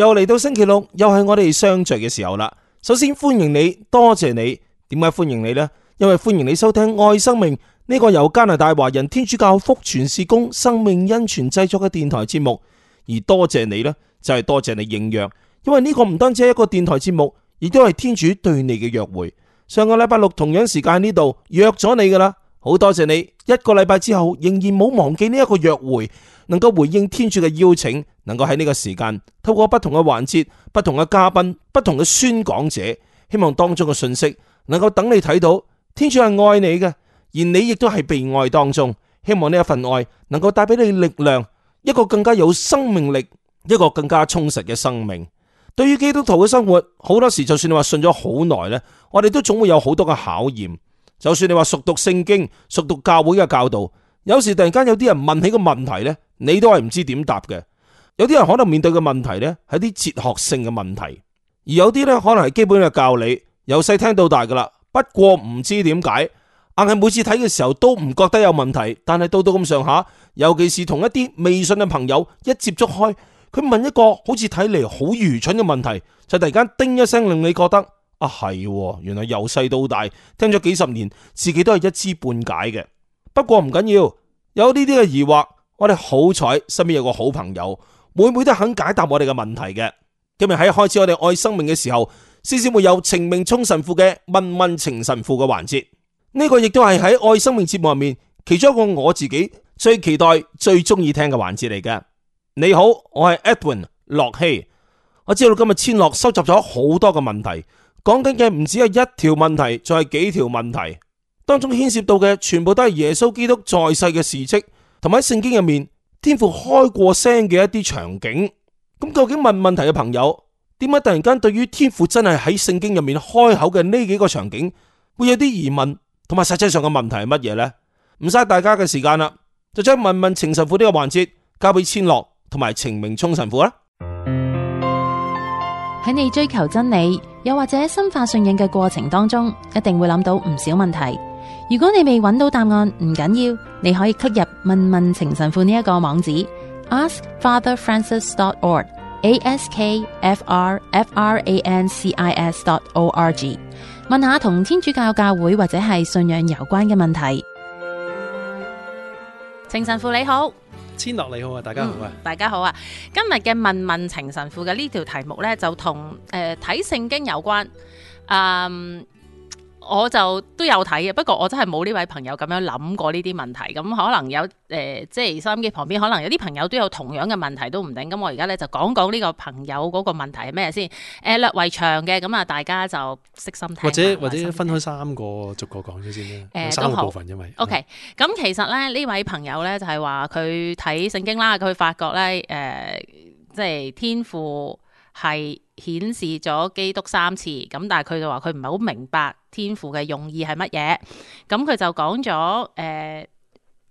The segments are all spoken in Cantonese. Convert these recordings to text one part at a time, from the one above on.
又嚟到星期六，又係我哋相聚嘅時候啦。首先歡迎你，多謝你。點解歡迎你呢？因為歡迎你收聽《愛生命》呢個由加拿大華人天主教福傳事工生命恩泉製作嘅電台節目。而多謝你呢，就係多謝你應約，因為呢個唔單止係一個電台節目，亦都係天主對你嘅約會。上個禮拜六同樣時間喺呢度約咗你噶啦，好多謝你一個禮拜之後仍然冇忘記呢一個約會。能夠回應天主嘅邀請，能夠喺呢個時間透過不同嘅環節、不同嘅嘉賓、不同嘅宣講者，希望當中嘅信息能夠等你睇到，天主係愛你嘅，而你亦都係被愛當中。希望呢一份愛能夠帶俾你的力量，一個更加有生命力、一個更加充實嘅生命。對於基督徒嘅生活，好多時就算你話信咗好耐咧，我哋都總會有好多嘅考驗。就算你話熟讀聖經、熟讀教會嘅教導。有時突然間有啲人問起個問題呢，你都係唔知點答嘅。有啲人可能面對嘅問題呢，係啲哲學性嘅問題，而有啲呢，可能係基本嘅教理，由細聽到大噶啦。不過唔知點解，硬係每次睇嘅時候都唔覺得有問題，但係到到咁上下，尤其是同一啲未信嘅朋友一接觸開，佢問一個好似睇嚟好愚蠢嘅問題，就突然間叮一聲令你覺得啊係，原來由細到大聽咗幾十年，自己都係一知半解嘅。不過唔緊要，有呢啲嘅疑惑，我哋好彩身邊有個好朋友，每每都肯解答我哋嘅問題嘅。今日喺開始我哋愛生命嘅時候，先至會有程明聰神父嘅問問程神父嘅環節。呢個亦都係喺愛生命節目入面其中一個我自己最期待、最中意聽嘅環節嚟嘅。你好，我係 Edwin 洛希。我知道今日千樂收集咗好多嘅問題，講緊嘅唔止係一條問題，仲係幾條問題。當中牽涉到嘅全部都係耶穌基督在世嘅事跡，同埋喺聖經入面天父開過聲嘅一啲場景。咁究竟問問題嘅朋友，點解突然間對於天父真係喺聖經入面開口嘅呢幾個場景，會有啲疑問，同埋實際上嘅問題係乜嘢呢？唔嘥大家嘅時間啦，就將問問情神父呢個環節交俾千樂同埋情明聰神父啦。喺你追求真理，又或者深化信仰嘅過程當中，一定會諗到唔少問題。如果你未揾到答案，唔緊要，你可以 click 入問問情神父呢一個網址 askfatherfrancis.org，askfrfrancis.org，問下同天主教教會或者係信仰有關嘅問題。情神父你好，千樂你好啊，大家好啊，嗯、大家好啊，今日嘅問問情神父嘅呢條題目呢，就同誒睇聖經有關，um, 我就都有睇嘅，不過我真係冇呢位朋友咁樣諗過呢啲問題，咁可能有誒、呃，即係收音機旁邊可能有啲朋友都有同樣嘅問題都唔定，咁我而家咧就講講呢個朋友嗰個問題係咩先？誒、呃、略為長嘅，咁啊大家就悉心聽。或者或者分開三個 逐個講咗先三個部分因為。O K，咁其實咧呢這位朋友咧就係話佢睇聖經啦，佢發覺咧誒、呃，即係天父係，顯示咗基督三次，咁但係佢就話佢唔係好明白天父嘅用意係乜嘢，咁佢就講咗誒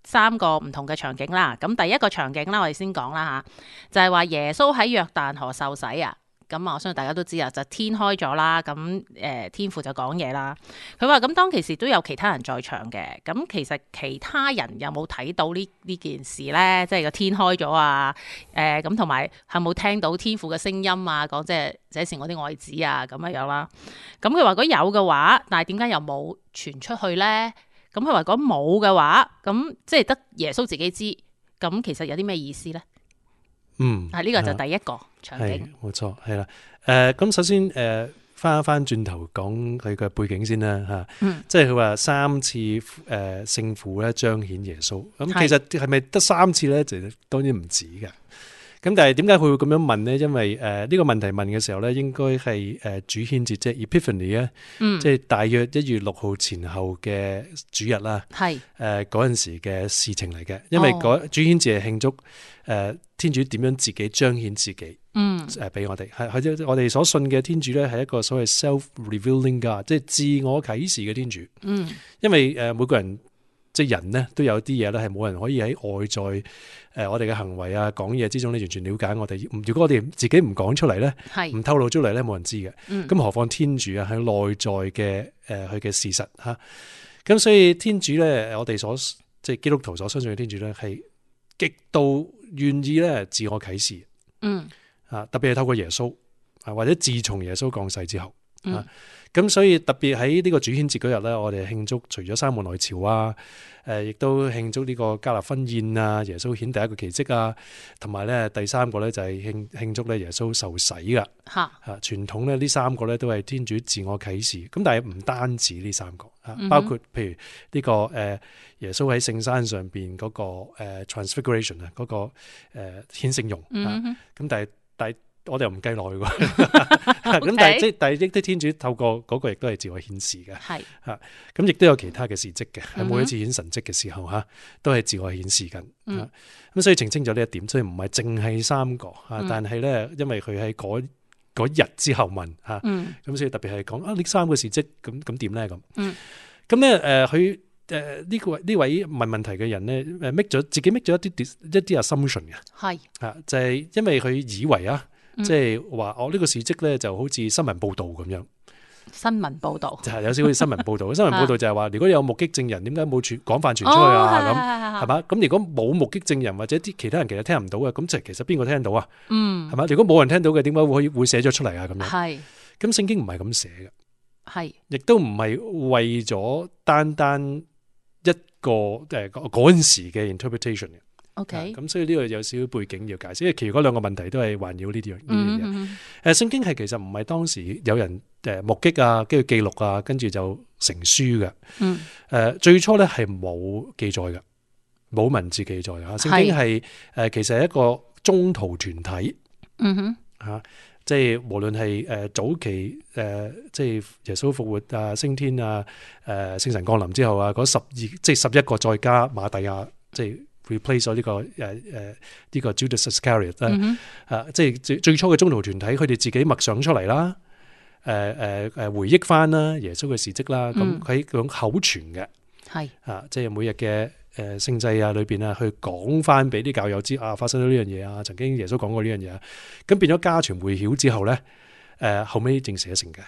三個唔同嘅場景啦。咁第一個場景啦，我哋先講啦吓，就係話耶穌喺約旦河受洗啊。咁啊，我相信大家都知啊，就是、天開咗啦。咁誒、呃，天父就講嘢啦。佢話：咁當其時都有其他人在場嘅。咁其實其他人有冇睇到呢呢件事咧？即係個天開咗啊！誒咁同埋係冇聽到天父嘅聲音啊，講即係這是我的愛子啊咁樣樣啦。咁佢話：如果有嘅話，但係點解又冇傳出去咧？咁佢話：如果冇嘅話，咁即係得耶穌自己知。咁其實有啲咩意思咧？嗯，啊呢、這個就第一個場景，係冇錯，係啦，誒、呃、咁首先誒翻、呃、一翻轉頭講佢個背景先啦，吓、啊嗯，即係佢話三次誒聖父咧彰顯耶穌，咁其實係咪得三次咧？就當然唔止嘅。咁但係點解佢會咁樣問咧？因為呢、呃呢個問題問嘅時候咧，應該係誒、呃、主顯節啫，Epiphany 即、嗯、係、就是、大約一月六號前後嘅主日啦。嗰陣、呃、時嘅事情嚟嘅，因為、哦、主顯節係慶祝、呃、天主點樣自己彰顯自己。嗯，俾、呃、我哋我哋所信嘅天主咧係一個所謂 self-revealing God，即係自我啟示嘅天主。嗯，因為、呃、每個人。即係人咧，都有啲嘢咧，係冇人可以喺外在誒，我哋嘅行為啊、講嘢之中咧，完全了解我哋。如果我哋自己唔講出嚟咧，係唔透露出嚟咧，冇人知嘅。咁、嗯、何況天主啊，喺內在嘅誒，佢嘅事實吓。咁所以天主咧，我哋所即係基督徒所相信嘅天主咧，係極度願意咧自我啟示。嗯啊，特別係透過耶穌啊，或者自從耶穌降世之後啊。嗯咁所以特別喺呢個主顯節嗰日咧，我哋慶祝除咗三門來朝啊，誒、呃，亦都慶祝呢個加納婚宴啊，耶穌顯第一個奇蹟啊，同埋咧第三個咧就係慶慶祝咧耶穌受洗噶嚇嚇傳統咧呢三個咧都係天主自我啟示，咁但係唔單止呢三個啊，包括譬如呢、這個誒、呃、耶穌喺聖山上邊嗰、那個、呃、transfiguration 啊、那、嗰個誒、呃、顯聖容啊，咁、嗯啊、但係。我哋又唔計耐喎，咁但係即係但係，益的天主透過嗰個亦都係自我顯示嘅，係吓咁亦都有其他嘅事跡嘅，喺、嗯、每一次顯神跡嘅時候吓、啊，都係自我顯示緊，咁、嗯啊、所以澄清咗呢一點，所以唔係淨係三個吓、啊，但係咧因為佢喺嗰日之後問吓，咁、啊嗯、所以特別係講啊呢三個事跡咁咁點咧咁，咁咧誒佢誒呢個呢、嗯啊啊、位，位問問題嘅人咧誒搣咗自己搣咗一啲一啲 assumption 嘅，係、啊、吓就係、是、因為佢以為啊。即係話我呢個事蹟咧，就，是這個，就好似新聞報道咁樣。新聞報，報， 報道就係有啲好似新聞報道，新聞報道就係話，如果有目擊證人，點解冇傳廣泛傳出去啊？咁係嘛？咁如果冇目擊證人或者啲其他人其實聽唔到嘅，咁即係其實邊個聽到啊？嗯，係嘛？如果冇人聽到嘅，點解會會寫咗出嚟啊？咁樣係，咁聖經唔係咁寫嘅，係亦都唔係為咗單單一個誒個陣時嘅 interpretation 嘅。OK，咁、啊、所以呢個有少少背景要解釋，因為其餘嗰兩個問題都係環繞呢啲樣呢啲嘢。誒、嗯，聖、嗯啊、經係其實唔係當時有人誒目擊啊，跟住記錄啊，跟住就成書嘅。誒、嗯啊，最初咧係冇記載嘅，冇文字記載嘅吓。聖、啊、經係誒、呃，其實係一個中途團體。吓、嗯，即、嗯、係、啊就是、無論係誒早期誒，即、啊、係、就是、耶穌復活啊，升天啊，誒、啊，聖神降臨之後啊，嗰十二即係、就是、十一個再加瑪弟亞，即係。replace 咗呢個誒誒呢個 Judas Iscariot、mm-hmm. 啊，啊，啊即係最最初嘅中途團體，佢哋自己默想出嚟啦，誒誒誒回憶翻啦，耶穌嘅事蹟啦，咁喺嗰種口傳嘅，係、mm-hmm. 啊，即係每日嘅誒聖祭啊裏邊啊，去講翻俾啲教友知啊，發生咗呢樣嘢啊，曾經耶穌講過呢樣嘢啊，咁變咗家傳戶曉之後咧，誒、啊、後尾正寫成嘅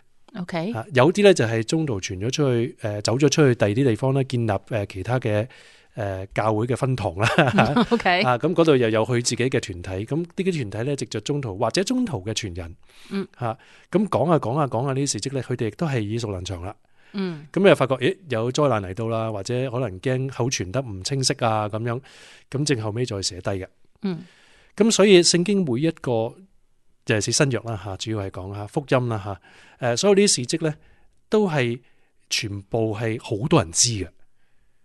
，OK，啊、有啲咧就係中途傳咗出去，誒、啊、走咗出去第二啲地方咧，建立誒其他嘅。誒、呃，教會嘅分堂啦，吓、 okay，咁嗰度又有佢自己嘅團體，咁呢啲團體咧，直著中途或者中途嘅傳人，嗯，吓，咁講下講下講下，呢啲事蹟咧，佢哋亦都係耳熟能詳啦，嗯，咁、啊、又發覺，咦，有災難嚟到啦，或者可能驚口傳得唔清晰啊，咁樣，咁正後尾再寫低嘅，嗯，咁、啊、所以聖經每一個尤其係新約啦，吓，主要係講下福音啦，吓、啊，誒、啊，所有呢啲事蹟咧都係全部係好多人知嘅。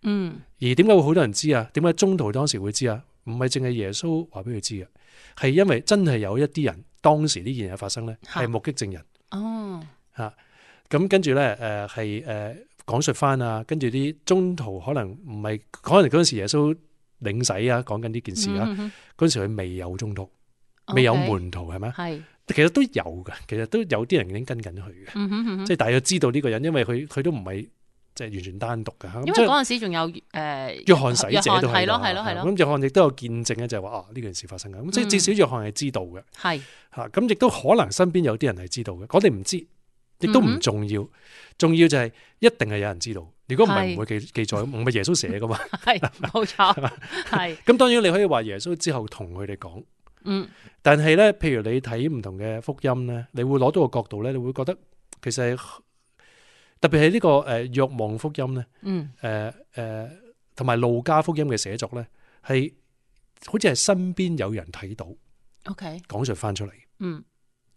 嗯，而點解會好多人知啊？點解中途當時會知啊？唔係淨係耶穌話俾佢知嘅，係因為真係有一啲人當時呢件嘢發生咧，係目擊證人哦。吓咁跟住咧，誒係誒講述翻啊，跟住啲、呃呃、中途可能唔係可能嗰陣時耶穌領洗啊，講緊呢件事啊嗰陣、嗯嗯嗯、時佢未有中途，okay, 未有門徒係咪？係其實都有嘅，其實都有啲人已經跟緊佢嘅，即、嗯、係、嗯嗯就是、大約知道呢個人，因為佢佢都唔係。即、就、係、是、完全單獨嘅，因為嗰陣時仲有誒、呃、約翰使者都係咯，係咯，係咯。咁約翰亦都有見證咧，就話、是、啊呢件事發生嘅，咁、嗯、即係至少約翰係知道嘅。係嚇，咁、嗯、亦都可能身邊有啲人係知道嘅。我哋唔知，亦都唔重要、嗯。重要就係一定係有人知道。如果唔係唔會記是記載，唔係耶穌寫嘅嘛。係冇錯，係沒。咁 當然你可以話耶穌之後同佢哋講，嗯。但係咧，譬如你睇唔同嘅福音咧，你會攞到個角度咧，你會覺得其實係。特別係呢個誒，約望福音咧，誒、嗯、誒、呃，同、呃、埋路加福音嘅寫作咧，係好似係身邊有人睇到，OK，講述翻出嚟，嗯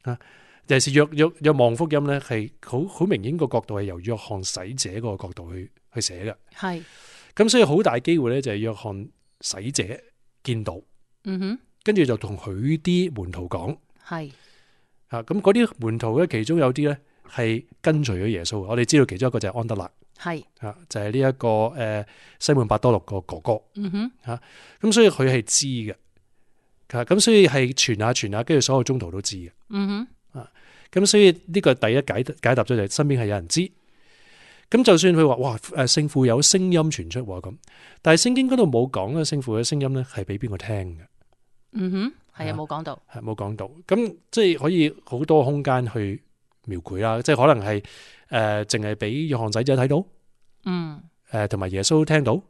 啊，尤其是約約約望福音咧，係好好明顯個角度係由約翰使者嗰個角度去去寫嘅，係，咁所以好大機會咧就係約翰使者見到，嗯哼，跟住就同佢啲門徒講，係，啊，咁嗰啲門徒咧，其中有啲咧。係跟隨咗耶穌，我哋知道其中一個就係安德肋，係、啊、就係呢一個誒、呃、西門伯多祿個哥哥，嗯哼吓，咁、啊、所以佢係知嘅，吓、啊、咁所以係傳下傳下，跟住所有宗徒都知嘅，嗯哼啊，咁所以呢個第一解解答咗就係身邊係有人知，咁就算佢話哇誒聖父有聲音傳出咁，但係聖經嗰度冇講咧聖父嘅聲音咧係俾邊個聽嘅，嗯哼係啊冇講到係冇講到，咁、啊、即係可以好多空間去。描繪啦，即係可能係誒，淨係俾約翰仔仔睇到，嗯，誒、呃，同埋耶穌聽到，吓、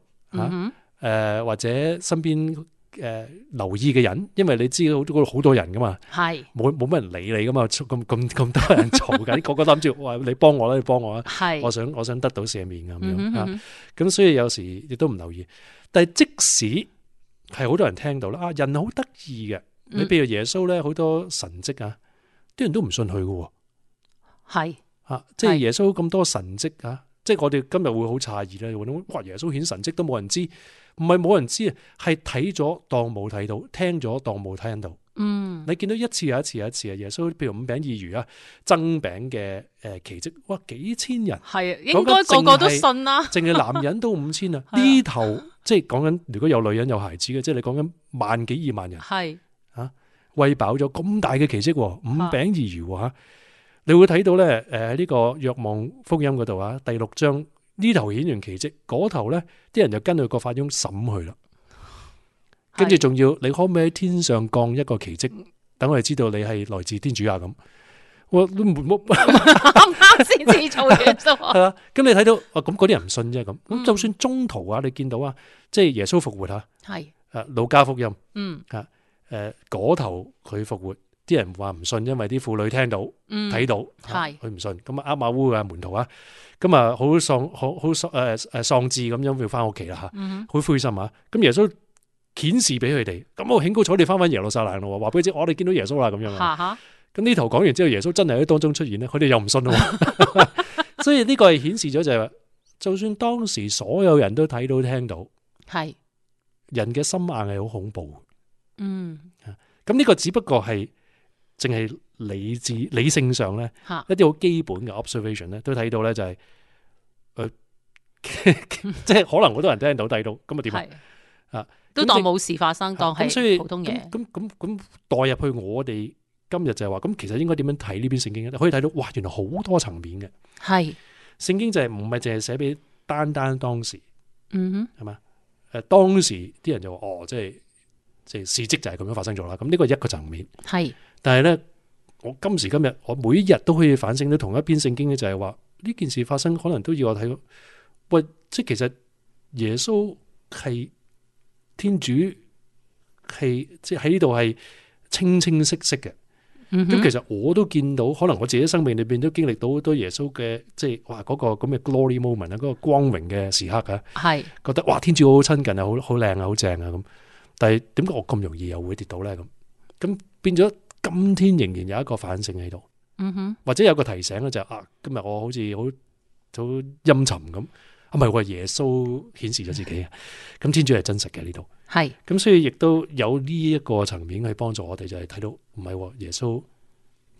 嗯，誒、啊呃，或者身邊誒、呃、留意嘅人，因為你知道好嗰度好多人噶嘛，係冇冇乜人理你噶嘛，咁咁咁多人嘈緊，個個諗住，話你幫我啦，你幫我啦，係，我想我想得到赦免咁樣啊，咁所以有時亦都唔留意，但係即使係好多人聽到啦，啊，人好得意嘅，你譬如耶穌咧，好多神蹟啊，啲人都唔信佢噶、啊。係啊，即係耶穌咁多神蹟啊！即係我哋今日會好詫異咧，哇！耶穌顯神蹟都冇人知，唔係冇人知啊，係睇咗當冇睇到，聽咗當冇聽到。嗯，你見到一次又一次，又一次啊！耶穌，譬如五餅二魚啊，增餅嘅誒奇蹟，哇！幾千人係、啊，應該個個都信啦、啊。淨係男人都五千啊，呢、 啊、頭即係講緊如果有女人有孩子嘅，即係你講緊萬幾二萬人係啊，喂飽咗咁大嘅奇蹟，五餅二魚吓、啊。你會睇到咧，誒呢個若望福音嗰度啊，第六章呢頭顯完奇迹，嗰頭咧啲人就跟佢個法雍審去啦，跟住仲要你可唔可以喺天上降一個奇迹，等我哋知道你係來自天主啊咁。我唔啱先至做嘢啫嘛。咁你睇到啊，咁嗰啲人唔信啫咁。咁就算中途啊，你見到啊，即係耶穌復活啊，係啊，路加福音，嗯啊，誒嗰頭佢復活。啲人話唔信，因為啲婦女聽到睇、嗯、到，佢唔信。咁啊，阿馬烏啊門徒啊，咁啊好喪，好好誒誒喪志咁樣要翻屋企啦吓，好、呃嗯、灰心啊。咁耶穌顯示俾佢哋，咁我興高采烈翻翻耶路撒冷咯。話俾佢知，我、哦、哋見到耶穌啦咁樣啊。咁呢圖講完之後，耶穌真係喺當中出現咧，佢哋又唔信咯。 所以呢個係顯示咗就係、是，就算當時所有人都睇到聽到，係人嘅心硬係好恐怖。嗯，咁、嗯、呢個只不過係。淨係理智理性上咧，一啲好基本嘅 observation 咧，都睇到咧就係、是、誒，呃、 即係可能好多人聽到，睇到咁啊？點啊？都當冇事發生，啊、當係普通嘢。咁咁咁代入去我哋今日就係話，咁其實應該點樣睇呢篇聖經咧？可以睇到哇，原來好多層面嘅係聖經就係唔係淨係寫俾單單當時，嗯哼，係嘛誒？當時啲人就話哦，即係即係事蹟就係咁樣發生咗啦。咁呢個係一個層面係。但係咧，我今時今日，我每一日都可以反省到同一篇聖經嘅，就係話呢件事發生，可能都要我睇到。喂，即係其實耶穌係天主，係即係喺呢度係清清晰晰嘅。咁、嗯、其實我都見到，可能我自己生命裏邊都經歷到好多耶穌嘅，即係哇嗰、那個咁嘅 glory moment 啊，嗰個光榮嘅時刻啊，係覺得哇天主好親近啊，好好靚啊，好正啊咁。但係點解我咁容易又會跌到咧？咁咁變咗。今天仍然有一個反省喺度，嗯，或者有個提醒咧就係，啊，今日我好似好好陰沉咁，唔係我耶穌顯示咗自己啊，咁，嗯，天主係真實嘅呢度，係咁所以亦都有呢一個層面去幫助我哋，就係，是，睇到唔係耶穌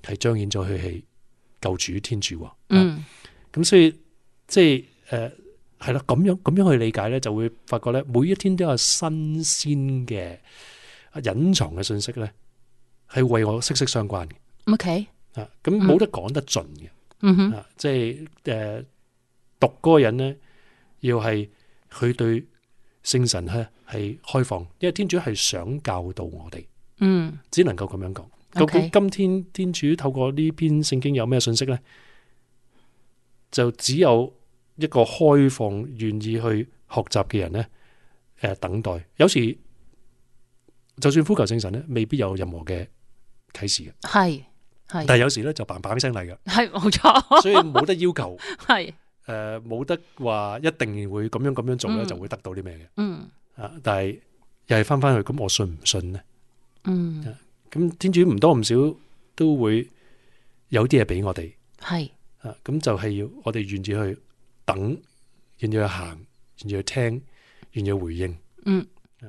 係彰顯咗佢係救主天主，嗯，咁，啊、所以即係誒係啦，咁，呃、樣咁樣去理解咧，就會發覺咧，每一天都有新鮮嘅隱藏嘅信息咧。係為我息息相關嘅，OK，啊，咁冇得講得盡嘅，即係誒讀個人呢，要係佢對聖神咧係開放，因為天主係想教導我哋，嗯，只能夠咁樣講。Okay, 究竟今天天主透過呢篇聖經有咩信息呢？就只有一個開放願意去學習嘅人呢，誒、呃，等待。有時就算呼求聖神呢，未必有任何嘅。睇事嘅係係，但係有時咧就嘭嘭聲嚟嘅，係冇錯，所以冇得要求，係誒冇得話一定會咁樣咁樣做咧，就會得到啲咩嘅，嗯啊，但係又係翻翻去，咁我信唔信咧？嗯，咁天主唔多唔少都會有啲嘢俾我哋，係啊，咁就係要我哋願意去等，願意去行，願意去聽，願意去回應，嗯啊，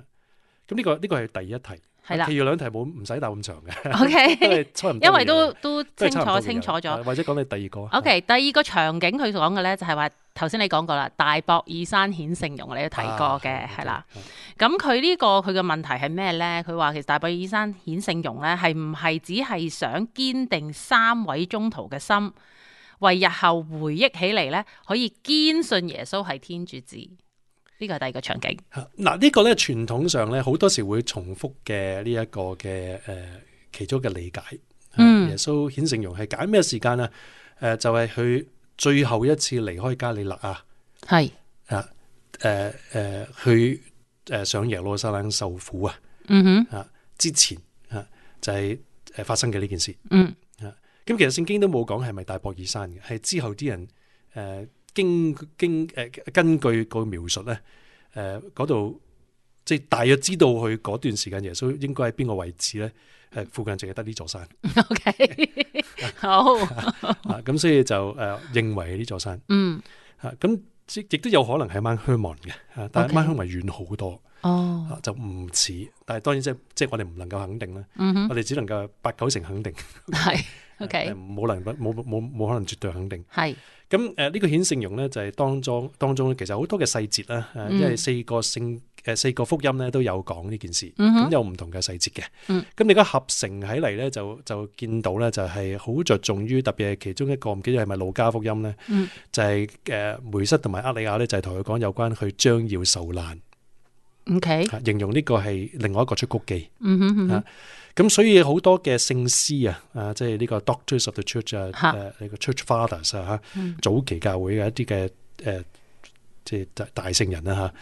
咁呢個呢個係第一題。係啦，譬如兩題冇唔使答咁長嘅，okay，因為都都清楚都清楚咗，或者講你第二個。O、okay, K，第二個場景佢講嘅咧就係、是、話，頭先你講過啦，大博爾山顯聖容，你都提過嘅，係、啊、啦。咁佢呢個佢嘅問題係咩咧？佢話其實大博爾山顯聖容咧，係唔係只係想堅定三位宗徒嘅心，為日後回憶起嚟咧，可以堅信耶穌係天主子。呢個係第二個場景，嗱、這個、呢個咧傳統上咧好多時會重複嘅呢一個嘅誒、呃、其中嘅理解、嗯，耶穌顯聖容係揀咩時間啊？誒、呃、就係、是、去最後一次離開加里勒啊，係啊誒誒去誒上耶路撒冷受苦啊，嗯哼啊之前啊、呃、就係、是、誒發生嘅呢件事，嗯啊咁、呃、其實聖經都冇講係咪大博爾山嘅，係之後啲人誒。呃經經誒、呃、根據個描述咧，誒嗰度即係大約知道佢嗰段時間耶穌應該喺邊個位置咧？誒、呃、附近淨係得呢座山。OK，好 、啊，咁、oh. 啊啊、所以就誒、啊、認為呢座山。嗯、mm. 啊，嚇咁亦都有可能係一班鄉望嘅，但係一班鄉望遠好多。哦、okay. 啊，就唔似，但係當然即係即係我哋唔能夠肯定啦。Oh. 我哋只能夠八九成肯定。係、mm-hmm. OK，冇能冇冇冇可能絕對肯定。係咁，誒，呢個顯聖容咧，就係當中當中，其實好多嘅細節啦。因為四個聖，誒四個福音咧都有講呢件事，咁有唔同嘅細節嘅。咁你而家合成起嚟咧，就就見到咧，就係好着重於特別係其中一個，唔記得係咪路加福音咧，就係，誒梅瑟同埋厄里亞咧，就係同佢講有關佢將要受難。OK，形容呢個係另外一個出谷記。嗯哼。啊。咁所以好多嘅聖師啊，啊，即係呢個 Doctors of the Church 啊，誒，呢個 Church Fathers 啊，吓、啊啊啊，早期教會嘅一啲嘅誒，即係大聖人啦，吓。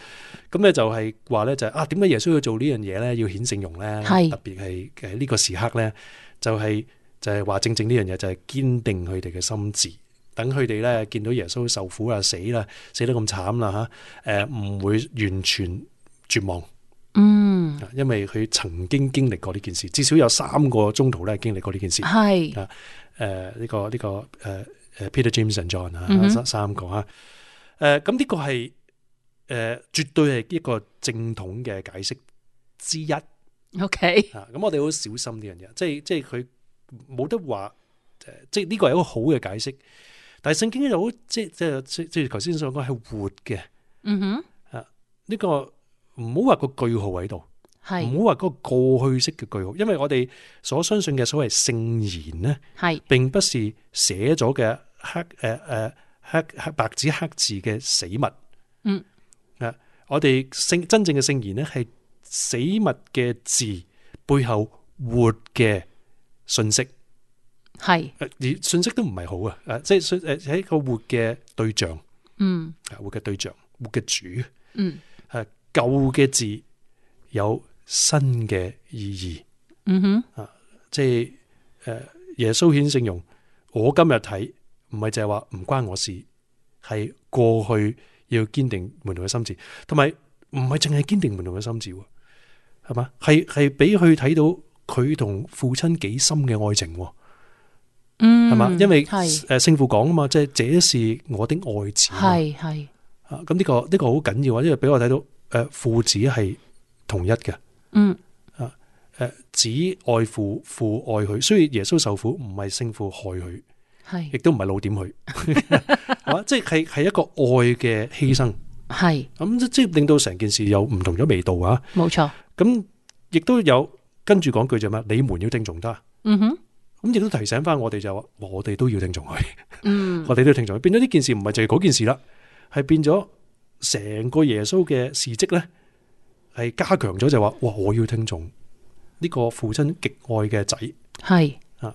咁咧就係話咧就啊，點解、就是啊、耶穌要做呢樣嘢咧？要顯聖容咧？特別係誒呢個時刻咧，就係、是、就係、是、話正正呢樣嘢就係、是、堅定佢哋嘅心智，等佢哋咧見到耶穌受苦啊、死啦、啊、死得咁慘啦，吓、啊，誒、啊、唔會完全絕望。嗯，因為佢曾經經歷過呢件事，至少有三個中途咧經歷過呢件事。係啊，誒、呃、呢、這個呢個誒誒 Peter James and John 啊、嗯，三三個啊，誒咁呢個係誒、呃、絕對係一個正統嘅解釋之一。OK，咁、啊、我哋好小心呢樣嘢，即係即係佢冇得話，即係呢個係一個好嘅解釋，但係聖經又好，即係即係即係頭先所講係活嘅。嗯哼，啊呢、這個。唔好話個句號喺度，係唔好話嗰個過去式嘅句號，因為我哋所相信嘅所謂聖言咧，係並不是寫咗嘅黑誒誒、呃、黑黑白紙黑字嘅死物，嗯啊，我哋聖真正嘅聖言咧係死物嘅字背後活嘅信息，係而信息都唔係好啊，誒即係誒係一個活嘅對象，嗯，活嘅對象，活嘅主，嗯、啊舊嘅字有新嘅意義，嗯哼，啊，即係誒，耶穌顯聖容，我今日睇唔係淨係話唔關我事，係過去要堅定門徒嘅心智，同埋唔係淨係堅定門徒嘅心智，係嘛？係係俾佢睇到佢同父親幾深嘅愛情，嗯，係嘛？因為誒聖父講啊嘛，即係這是我的愛子，係係啊，咁呢個呢個好緊要啊，因為俾我睇到。誒，父子係同一嘅。嗯啊，誒，子愛父，父愛佢，所以耶穌受苦唔係聖父害佢，係，亦都唔係老點佢，係 即係係一個愛嘅犧牲，係，咁即係令到成件事有唔同咗味道啊，冇錯，咁亦都有跟住講句就咩，你們要聽從他，嗯哼，咁亦都提醒翻我哋就話，我哋都要聽從佢，嗯， 我哋都要聽從佢，變咗呢件事唔係就係嗰件事啦，係變咗。成個耶穌嘅事蹟咧，係加強咗就話、是：，哇！我要聽從呢個父親極愛嘅仔，係啊，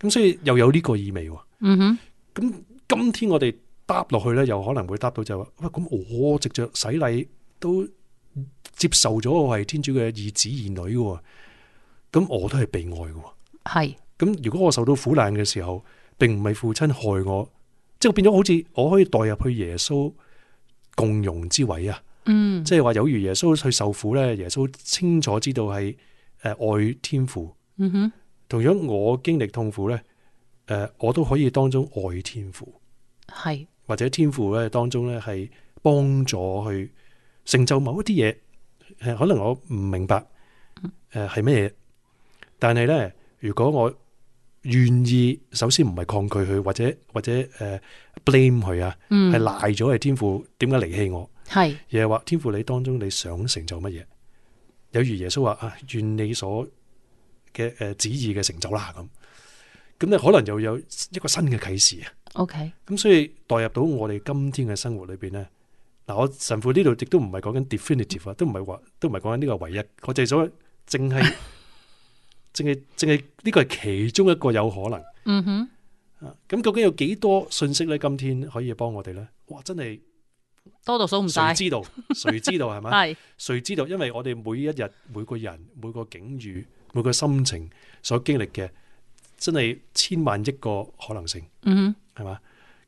咁所以又有呢個意味。嗯哼，咁今天我哋搭落去咧，又可能會搭到就話：，喂，咁我藉着洗禮都接受咗我係天主嘅義子義女，咁我都係被愛嘅。係，咁、啊、如果我受到苦難嘅時候，並唔係父親害我，即係變咗好似我可以代入去耶穌共融之位啊，即係話有如耶穌去受苦咧，耶穌清楚知道係誒愛天父。嗯哼，同樣我經歷痛苦咧，誒我都可以當中愛天父，係，或者天父咧當中咧係幫助去成就某一啲嘢。誒，可能我唔明白誒係乜嘢，但係咧如果我。願意首先唔係抗拒佢，或者或者誒、uh, blame 佢啊，係賴咗係天父點解離棄我？係，亦係話天父你當中你想成就乜嘢？有如耶穌話啊，願你所嘅誒、呃、旨意嘅成就啦咁。咁你可能又有一個新嘅啟示啊。OK，咁所以代入到我哋今天嘅生活裏邊咧，嗱我神父呢度亦都唔係講緊 definitive 啊，都唔係話都唔係講緊呢個唯一，我淨咗淨係。淨係淨係呢個係其中一個有可能。嗯哼，咁、啊、究竟有幾多信息咧？今天可以幫我哋咧？哇，真係多到數唔晒，知道，誰 知道係咪？係，誰知道？因為我哋每一日、每個人、每個境遇、每個心情所經歷嘅，真係千萬億個可能性。嗯，係嘛？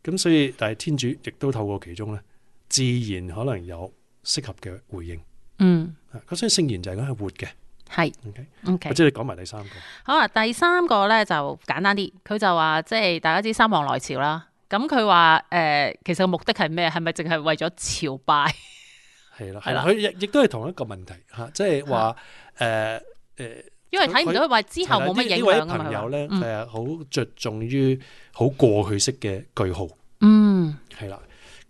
咁所以，但係天主亦都透過其中咧，自然可能有適合嘅回應。嗯，咁、啊、所以聖言就係咁係活嘅。係，OK，OK。即係你講埋第三個。好啊，第三個咧就簡單啲，佢就話即係大家知三王來朝啦。咁佢話誒，其實個目的係咩？係咪淨係為咗朝拜？係啦，係啦，佢亦亦都係同一個問題吓，即係話誒誒，因為睇唔到佢話之後冇乜影響。呢位朋友咧誒，好着重於好過去式嘅句號。嗯，係啦。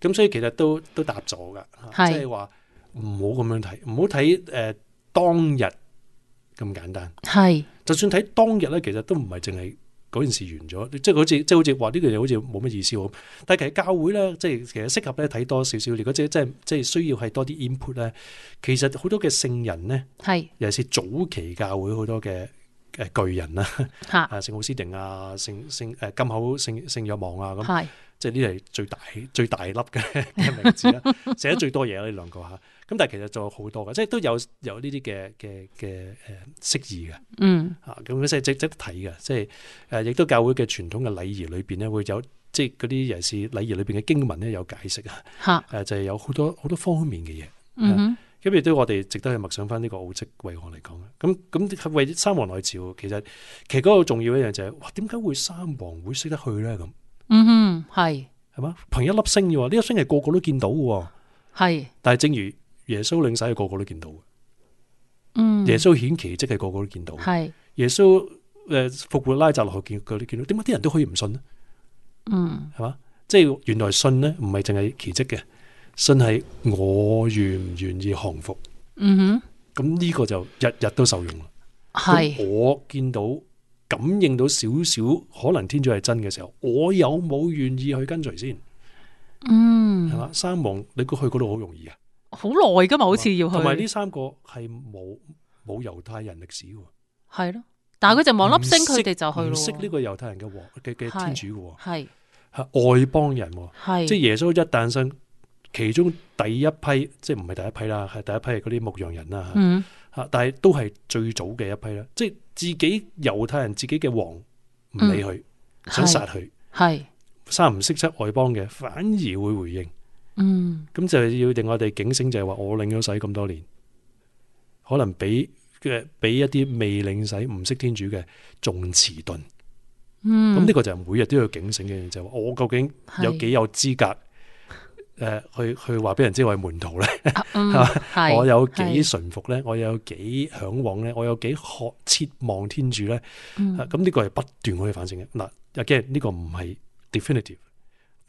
咁所以其實都都答咗噶，即係話唔好咁樣睇，唔好睇誒當日，咁簡單，係。就算睇當日咧，其實都唔係淨係嗰件事完咗，即係好似，即係好似話呢樣嘢好似冇乜意思喎。但係其實教會咧，即係其實適合咧睇多少少。如果真即真需要係多啲 input 咧，其實好多嘅聖人咧，係尤其是早期教會好多嘅誒巨人啦、嗯，啊聖奧斯定啊，聖聖誒金口聖聖約望啊咁，即係呢啲係最大最大粒嘅名字啦，寫得最多嘢呢兩個嚇。咁但係其實仲有好多嘅，即係都有有呢啲嘅嘅嘅誒適宜嘅，嗯吓咁、啊，即係值值得睇嘅，即係誒，亦都教會嘅傳統嘅禮儀裏邊咧，會有即係嗰啲人士禮儀裏邊嘅經文咧，有解釋啊，吓、就、誒、是，就係有好多好多方面嘅嘢。嗯咁亦、啊、都我哋值得去默想翻呢個奧跡為我嚟講咁，咁為三王來朝，其實其實嗰個很重要一樣就係、是，哇，點解會三王會識得去咧咁？嗯哼，係係嘛，憑一粒星嘅喎，呢粒星係個個都見到嘅喎，係，但係正如。耶穌領洗，係個個都見到嘅。嗯，耶穌顯奇跡，係個個都見到、呃、到。係耶穌誒，復活拉扎洛，去見佢都見到，點解啲人都可以唔信咧？嗯，係嘛，即係原來信咧，唔係淨係奇跡嘅，信係我願唔願意降服。嗯哼，咁呢個就日日都受用啦。係我見到，感應到少少，可能天主係真嘅時候，我有冇願意去跟隨先？嗯，係嘛，三王你估去嗰度好容易啊！好耐噶嘛，好似要去。同埋呢三個係冇冇猶太人歷史嘅，係咯。但係佢就望粒星，佢哋就去咯。唔識呢個猶太人嘅王嘅嘅天主嘅，係係外邦人，係即係耶穌一誕生，其中第一批即係唔係第一批啦，係第一批嗰啲牧羊人啦吓、嗯、但係都係最早嘅一批啦。即係自己猶太人自己嘅王唔理佢，嗯，想殺佢，係三唔識七外邦嘅，反而會回應。嗯，咁就要令我哋警醒，就係話我領咗洗咁多年，可能比嘅比一啲未領洗、唔識天主嘅仲遲鈍。嗯，咁呢個就係每日都要警醒嘅，就係、是、話我究竟有幾有資格，誒、呃，去去話俾人知我係門徒咧，係我有幾純服咧？我有幾向往咧？我有幾渴切望天主咧？咁、嗯、呢、啊、個係不斷可以反省嘅。嗱，again 呢個唔係 definitive。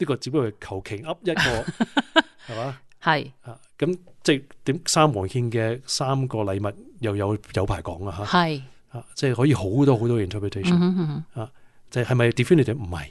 呢、這個只不過求其噏一個係嘛？係 咁、啊、即係點三王獻嘅三個禮物又有有排講啊吓，係啊，即係可以好多好多 interpretation、嗯嗯、啊，就係咪 definite 唔係？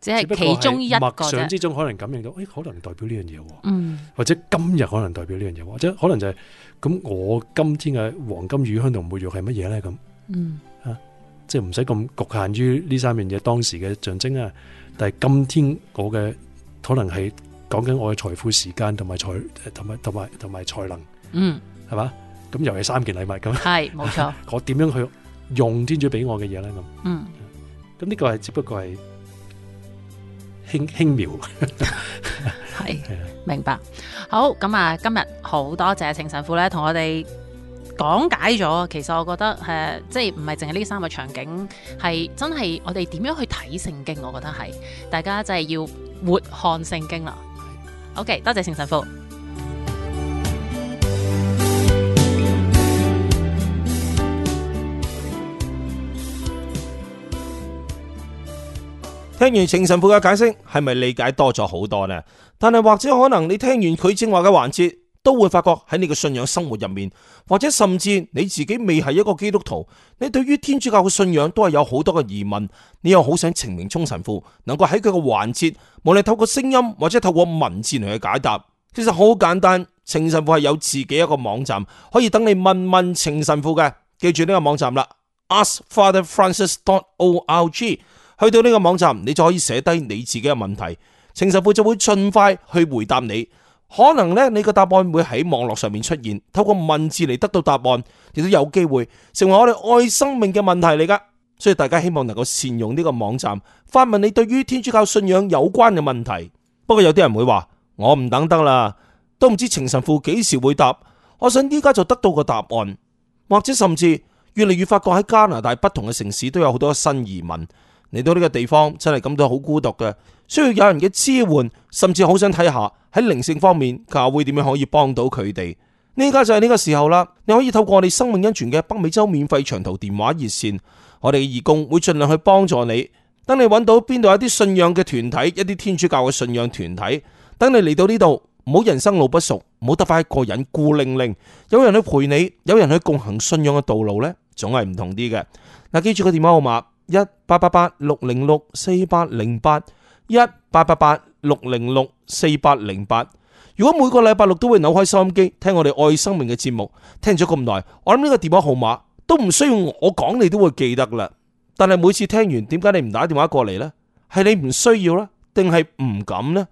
即係其中一個啫。想之中可能感應到，誒、哎，可能代表呢樣嘢，嗯，或者今日可能代表呢樣嘢，或者可能就係、是、咁，我今天嘅黃金乳香同沒藥係乜嘢咧？咁、嗯，啊，即係唔使咁局限於呢三樣嘢當時嘅象徵啊。但係今天我嘅，可能係講緊我嘅財富時間同埋財同埋同埋同埋才能，嗯，係嘛？咁又係三件禮物咁，係冇錯。我點樣去用天主俾我嘅嘢咧？咁，嗯，咁呢個係只不過係輕輕描，係、嗯、 是 明白。好，咁啊，今日好多謝程神父咧，同我哋講解咗，其實我覺得誒，即係唔係淨係呢三個場景，係真係我哋點樣去睇聖經？我覺得係大家真係要活看聖經啦。OK，多謝程神父。聽完程神父嘅解釋，係咪理解多咗好多呢？但係或者可能你聽完佢正話嘅環節。都會發覺喺你嘅信仰生活入面，或者甚至你自己未係一個基督徒，你對於天主教嘅信仰都係有好多嘅疑問，你又好想請明沖神父能夠喺佢個環節，無論透過聲音或者透過文字嚟去解答。其實好簡單，明神父係有自己一個網站，可以等你問問明神父嘅。記住呢個網站啦，AskFatherFrancis.org，去到呢個網站，你就可以寫低你自己嘅問題，明神父就會盡快去回答你。可能咧，你個答案會喺網絡上面出現，透過文字嚟，得到答案，亦都有機會成為我哋愛生命嘅問題嚟㗎。所以大家希望能夠善用呢個網站，發問你對於天主教信仰有關嘅問題。不過有啲人會話，我唔等得啦，都唔知情神父幾時會答。我想依家就得到個答案，或者甚至越嚟越發覺喺加拿大不同嘅城市都有好多新移民嚟到呢個地方，真係感到好孤獨嘅。需要有人嘅支援，甚至好想睇下喺靈性方面教會點樣可以幫到佢哋。呢家就係呢個時候啦。你可以透過我哋生命恩泉嘅北美洲免費長途電話熱線，我哋嘅義工會盡量去幫助你，等你揾到邊度一啲信仰嘅團體，一啲天主教嘅信仰團體。等你嚟到呢度，唔好人生路不熟，唔好得翻一個人孤零零，有人去陪你，有人去共行信仰嘅道路咧，總係唔同啲嘅。嗱，記住個電話號碼一八八八六零六四八零八。一八八八六零六四八零八。如果每個禮拜六都會扭開收音機，聽我哋愛生命嘅節目，聽咗咁耐，我諗呢個電話號碼都唔需要我講，你都會記得啦。但係每次聽完，點解你唔打電話過嚟呢？係你唔需要呢，定係唔敢呢？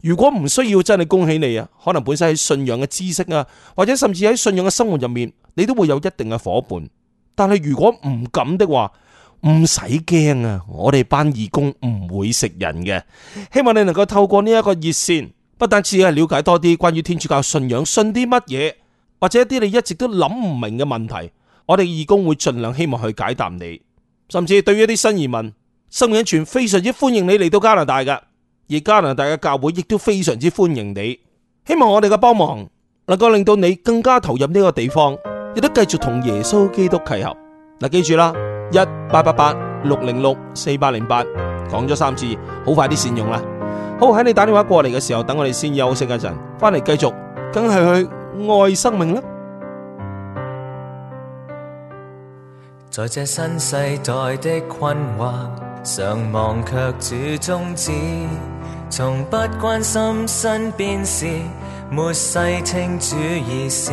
如果唔需要，真係恭喜你啊！可能本身喺信仰嘅知識啊，或者甚至喺信仰嘅生活入面，你都會有一定嘅伙伴。但係如果唔敢的話，唔使驚啊！我哋班義工唔會食人嘅。希望你能夠透過呢一個熱線，不但只係了解多啲關於天主教信仰，信啲乜嘢，或者一啲你一直都諗唔明嘅問題，我哋義工會盡量希望去解答你。甚至對於一啲新移民，心影全非常之歡迎你嚟到加拿大㗎，而加拿大嘅教會亦都非常之歡迎你。希望我哋嘅幫忙能夠令到你更加投入呢個地方，亦都繼續同耶穌基督契合。嗱，記住啦！一八八八六零六四八零八，講咗三次，好快啲善用啦。好，喺你打電話過嚟嘅時候，等我哋先休息一陣，翻嚟繼續，梗係去愛生命啦。在這新世代的困惑，常忘卻主宗旨，從不關心身邊事，沒細聽主意事。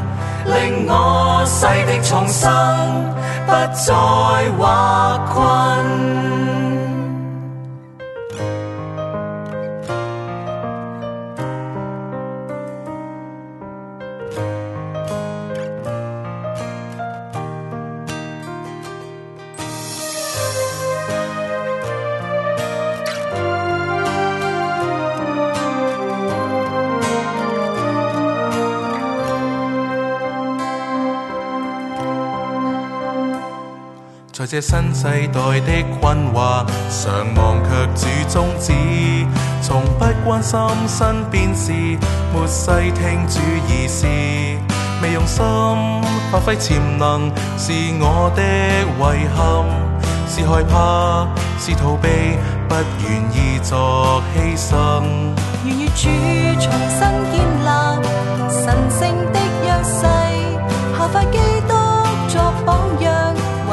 令我洗滌重生，不再畫困。這新世代的困惑，常忘卻主宗旨，從不關心身邊事，沒細聽主意事。未用心發揮潛能，是我的遺憾，是害怕，是逃避，不願意作犧牲。願與主重新建立神聖的約誓，效法基督作榜樣。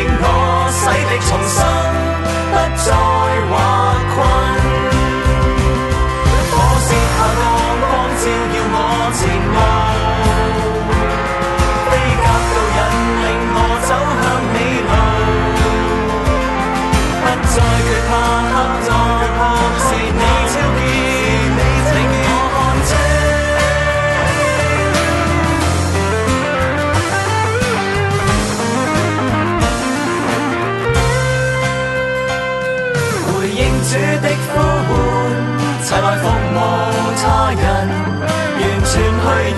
令我洗滌重生，不再惑困。火舌下光芒照耀我前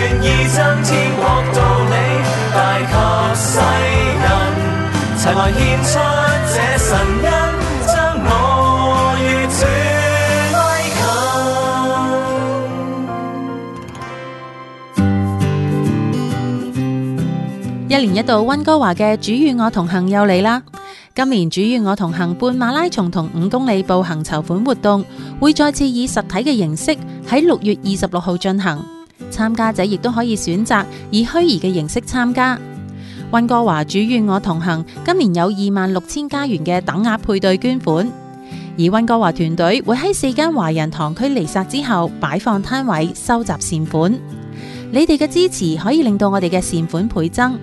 願意將天國到你大靠世人齊來獻出這神恩將我如此哀求，一年一度溫哥華嘅主與我同行又嚟啦。今年主與我同行半馬拉松同五公里步行籌款活動會再次以實體嘅形式喺六月二十六號進行。參加者亦都可以選擇以虛擬嘅形式參加。溫哥華主願我同行今年有二萬六千加元嘅等額配對捐款，而溫哥華團隊會喺四間華人堂區彌撒之後擺放攤位收集善款。你哋嘅支持可以令到我哋嘅善款倍增。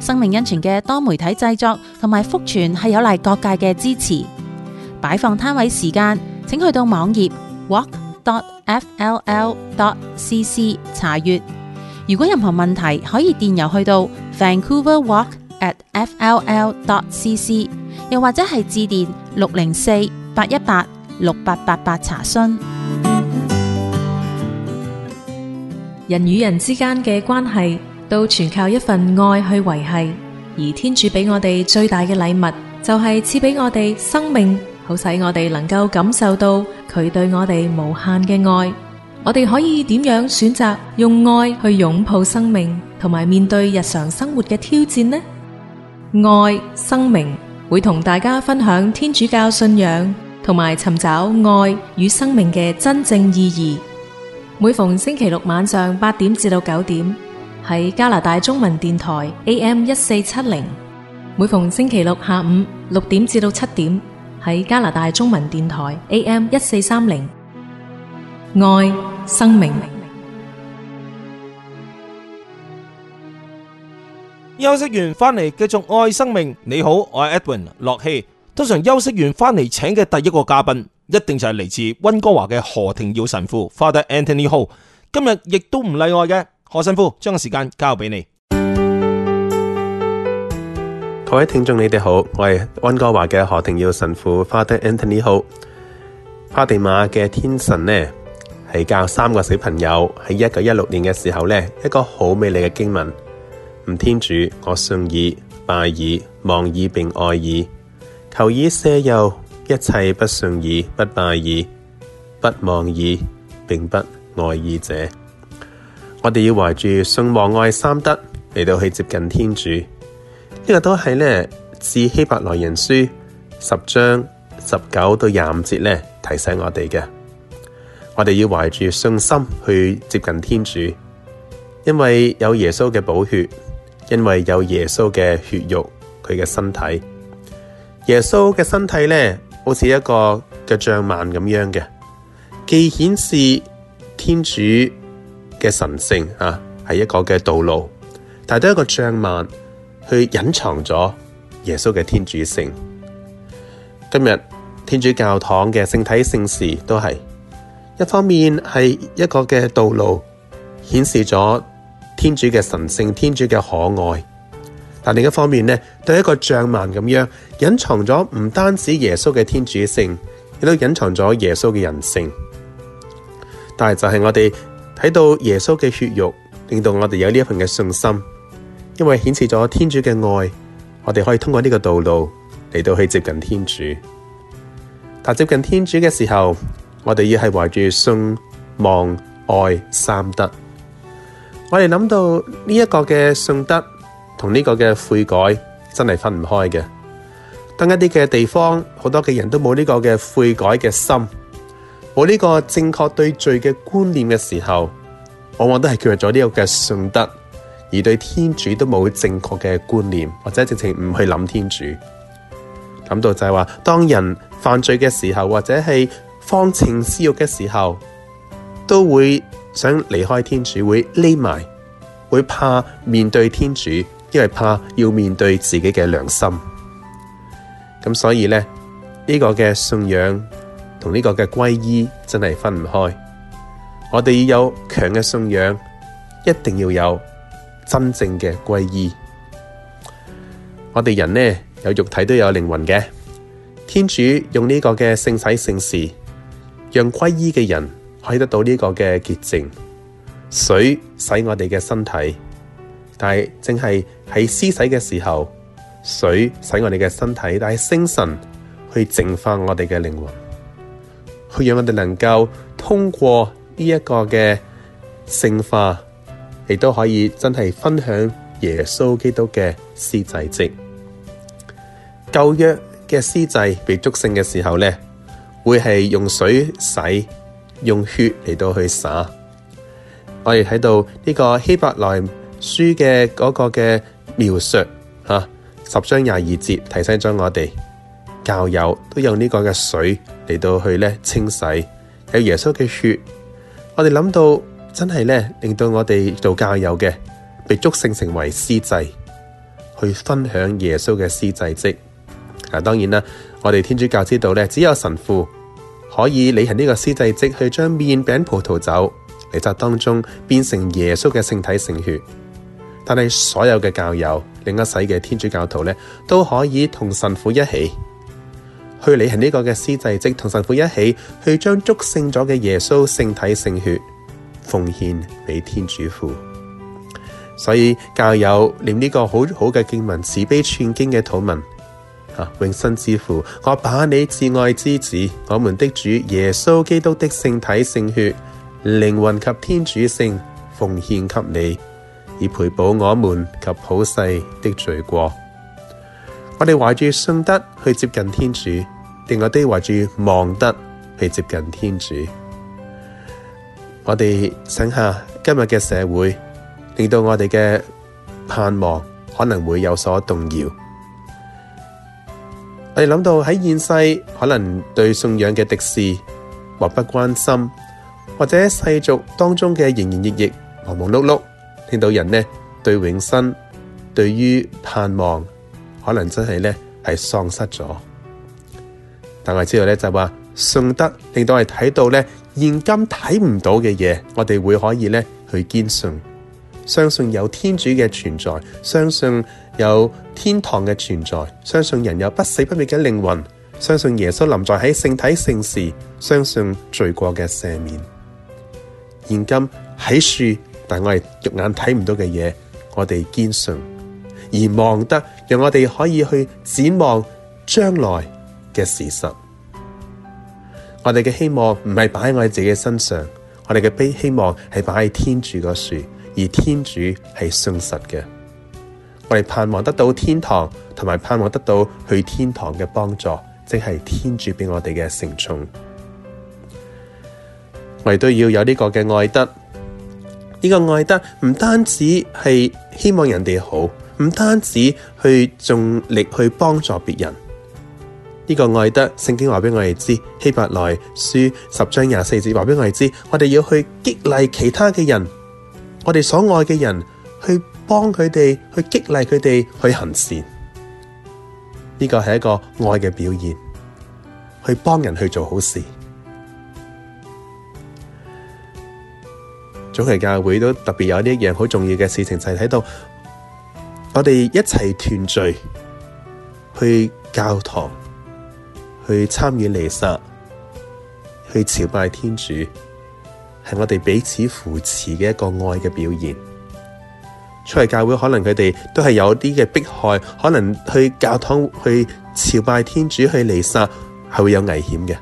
生命恩泉嘅多媒體製作同埋福傳係有賴各界嘅支持。擺放攤位時間請去到網頁 walk。dot f l l dot c c 查詢。如果任何問題，可以電郵去到 vancouver walk at f l l dot c c，又或者係致電六零四八一八六八八八查詢。人與人之間嘅關係，都全靠一份愛去維繫。而天主俾我哋最大嘅禮物，就係賜俾我哋生命。好使我哋能夠感受到佢對我哋無限嘅愛。我哋可以點樣選擇用愛去擁抱生命，同埋面對日常生活嘅挑戰呢？愛生命會同大家分享天主教信仰，同埋尋找愛與生命嘅真正意義。每逢星期六晚上八點至到九點，喺加拿大中文電台 A.M. 一四七零；每逢星期六下午六點至到七點。喺加拿大中文電台 AM 一四三零，愛生命。休息完翻嚟，繼續愛生命。你好，我係 Edwin 洛希。通常休息完翻嚟請嘅第一個嘉賓，一定就係嚟自温哥華嘅何廷耀神父 Father Anthony Ho。今日亦都唔例外嘅，何神父將時間交俾你。各位聽眾，你哋好，我係溫哥華嘅何庭耀神父 Father Anthony 好。花地瑪嘅天神呢，係教三個小朋友喺一九一六年嘅時候呢，一個好美麗嘅經文。吾天主，我信以拜以望以並愛以，求以赦宥一切不信以不拜以不望以並不愛以者，我哋要懷住信望愛三德嚟，到去接近天主。呢、這個都是呢《致希伯來人書》十章十九到廿五節提醒我哋嘅。我哋要懷住信心去接近天主，因為有耶穌嘅寶血，因為有耶穌嘅血肉，佢嘅身體。耶穌嘅身體咧，好似一個嘅帳幔咁樣嘅，既顯示天主嘅神聖啊，係一個嘅道路，但係都一個帳幔。去隱藏咗耶穌嘅天主性。今日天主教堂嘅聖體聖事都係一方面係一個嘅道路，顯示咗天主嘅神聖、天主嘅可愛。但另一方面呢，都對一個帳幔，咁樣隱藏咗，唔單止耶穌嘅天主性，亦都隱藏咗耶穌嘅人性。但係就係我哋睇到耶穌嘅血肉，令到我哋有呢一份嘅信心。因為顯示咗天主嘅愛，我哋可以通過呢個道路嚟到去接近天主。但接近天主嘅時候，我哋要係懷住信望愛三德。我哋諗到呢一個嘅信德同呢個嘅悔改真係分唔開嘅。當一啲嘅地方好多嘅人都冇呢個嘅悔改嘅心，冇呢個正確對罪嘅觀念嘅時候，往往都係缺乏咗呢個嘅信德。而對天主都冇正確嘅觀念，或者直情唔去諗天主諗到就係話，當人犯罪嘅時候，或者係放情私欲嘅時候，都會想離開天主，會匿埋，會怕面對天主，因為怕要面對自己嘅良心。咁所以咧，呢個嘅信仰同呢個嘅歸依真係分唔開。我哋要有強嘅信仰，一定要有。真正嘅皈依，我哋人呢有肉體都有靈魂嘅。天主用呢個嘅聖洗聖事，讓皈依嘅人可以得到呢個嘅潔淨。水洗我哋嘅身體，但係正係喺施洗嘅時候，水洗我哋嘅身體，但係聖神去淨化我哋嘅靈魂，去讓我哋能夠通過呢一個嘅聖化。你都可以真係分享耶穌基督嘅司祭職。舊約嘅司祭被祝聖嘅時候呢，會係用水洗，用血嚟到去灑。我哋睇到呢個希伯來書嘅嗰個嘅描述吓，啊、十章廿二節提醒咗我哋教友都用呢個嘅水嚟到去清洗，有耶穌嘅血。我哋諗到。真係咧，令到我哋做教友嘅，被祝聖成為司祭，去分享耶穌嘅司祭職。啊，當然啦，我哋天主教知道咧，只有神父可以履行呢個司祭職，去將麵餅、葡萄酒彌撒當中變成耶穌嘅聖體聖血。但係所有嘅教友，另一世嘅天主教徒咧，都可以同神父一齊去履行呢個嘅司祭職，同神父一齊去將祝聖咗嘅耶穌聖體聖血。奉獻畀天主父，所以教友念呢個很好好嘅經文，慈悲串經嘅禱文，啊，永生之父，我把你至愛之子，我們的主耶穌基督的聖體聖血、靈魂及天主性奉獻給你，以賠補我們及普世的罪過。我哋懷住信德去接近天主，另外啲懷住望德去接近天主。我哋想下今日嘅社會，令到我哋嘅盼望可能會有所動搖。我哋諗到喺現世，可能對信仰嘅敵視漠不關心，或者世俗當中嘅營營役役、忙忙碌碌，令到人呢對永生、對於盼望，可能真係呢係喪失咗。但我之後呢，就話信德令到我哋睇到呢。」現今睇唔到嘅嘢，我哋會可以咧去堅信，相信有天主嘅存在，相信有天堂嘅存在，相信人有不死不滅嘅靈魂，相信耶穌臨在喺聖體聖事，相信罪過嘅赦免。現今喺樹，但我哋肉眼睇唔到嘅嘢，我哋堅信，而望德讓我哋可以去展望將來嘅事實。我哋嘅希望唔係擺喺我哋自己嘅身上，我哋嘅悲希望係擺喺天主個樹，而天主係信實嘅。我哋盼望得到天堂，同埋盼望得到去天堂嘅幫助，即係天主畀我哋嘅承重。我哋都要有呢個嘅愛德，呢個愛德唔單止係希望人哋好，唔單止去盡力去幫助別人。呢、這個愛德，聖經話俾我哋知，希伯來書十章廿四節話俾我哋知，我哋要去激勵其他嘅人，我哋所愛嘅人，去幫佢哋，去激勵佢哋去行善。呢、這個係一個愛嘅表現，去幫人去做好事。早期教會都特別有呢一樣好重要嘅事情，就係、是、睇到我哋一齊團聚去教堂，去參與彌撒，去朝拜天主，係我哋彼此扶持嘅一個愛嘅表現。出嚟教會，可能佢哋都係有啲嘅迫害，可能去教堂，去朝拜天主，去彌撒係會有危險嘅。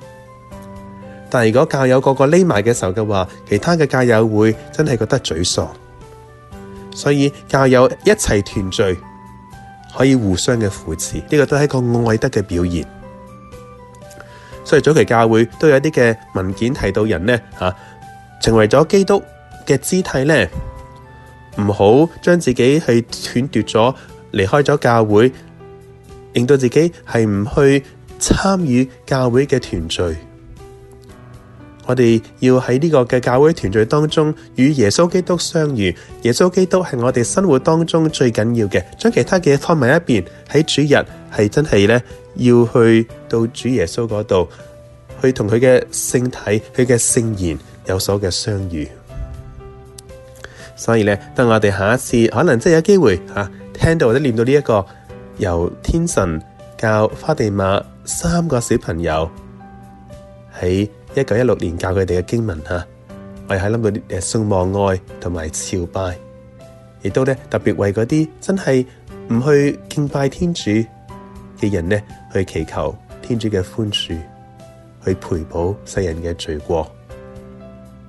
但係如果教友個個匿埋嘅時候嘅話，其他嘅教友會真係覺得沮喪。所以教友一齊團聚，可以互相嘅扶持，呢個都係一個愛德嘅表現。所以早期教會都有一啲嘅文件提到人呢，人咧吓成為咗基督嘅肢體咧，唔好將自己去斷絕咗，離開咗教會，令到自己係唔去參與教會嘅團聚。我哋要喺呢個嘅教會團聚當中，與耶穌基督相遇。耶穌基督係我哋生活當中最緊要嘅，將其他嘅放埋一邊，喺主日係真係咧要去。到主耶穌嗰度去，同佢嘅聖體、佢嘅聖言有所嘅相遇。所以咧，等我哋下一次可能真係有機會吓、啊，聽到或者念到呢、這、一個由天神教花地瑪三個小朋友喺一九一六年教佢哋嘅經文吓、啊，我哋係諗到誒，信望愛同埋朝拜，亦都咧特別為嗰啲真係唔去敬拜天主嘅人咧去祈求。天主嘅寬恕，去賠補世人嘅罪過。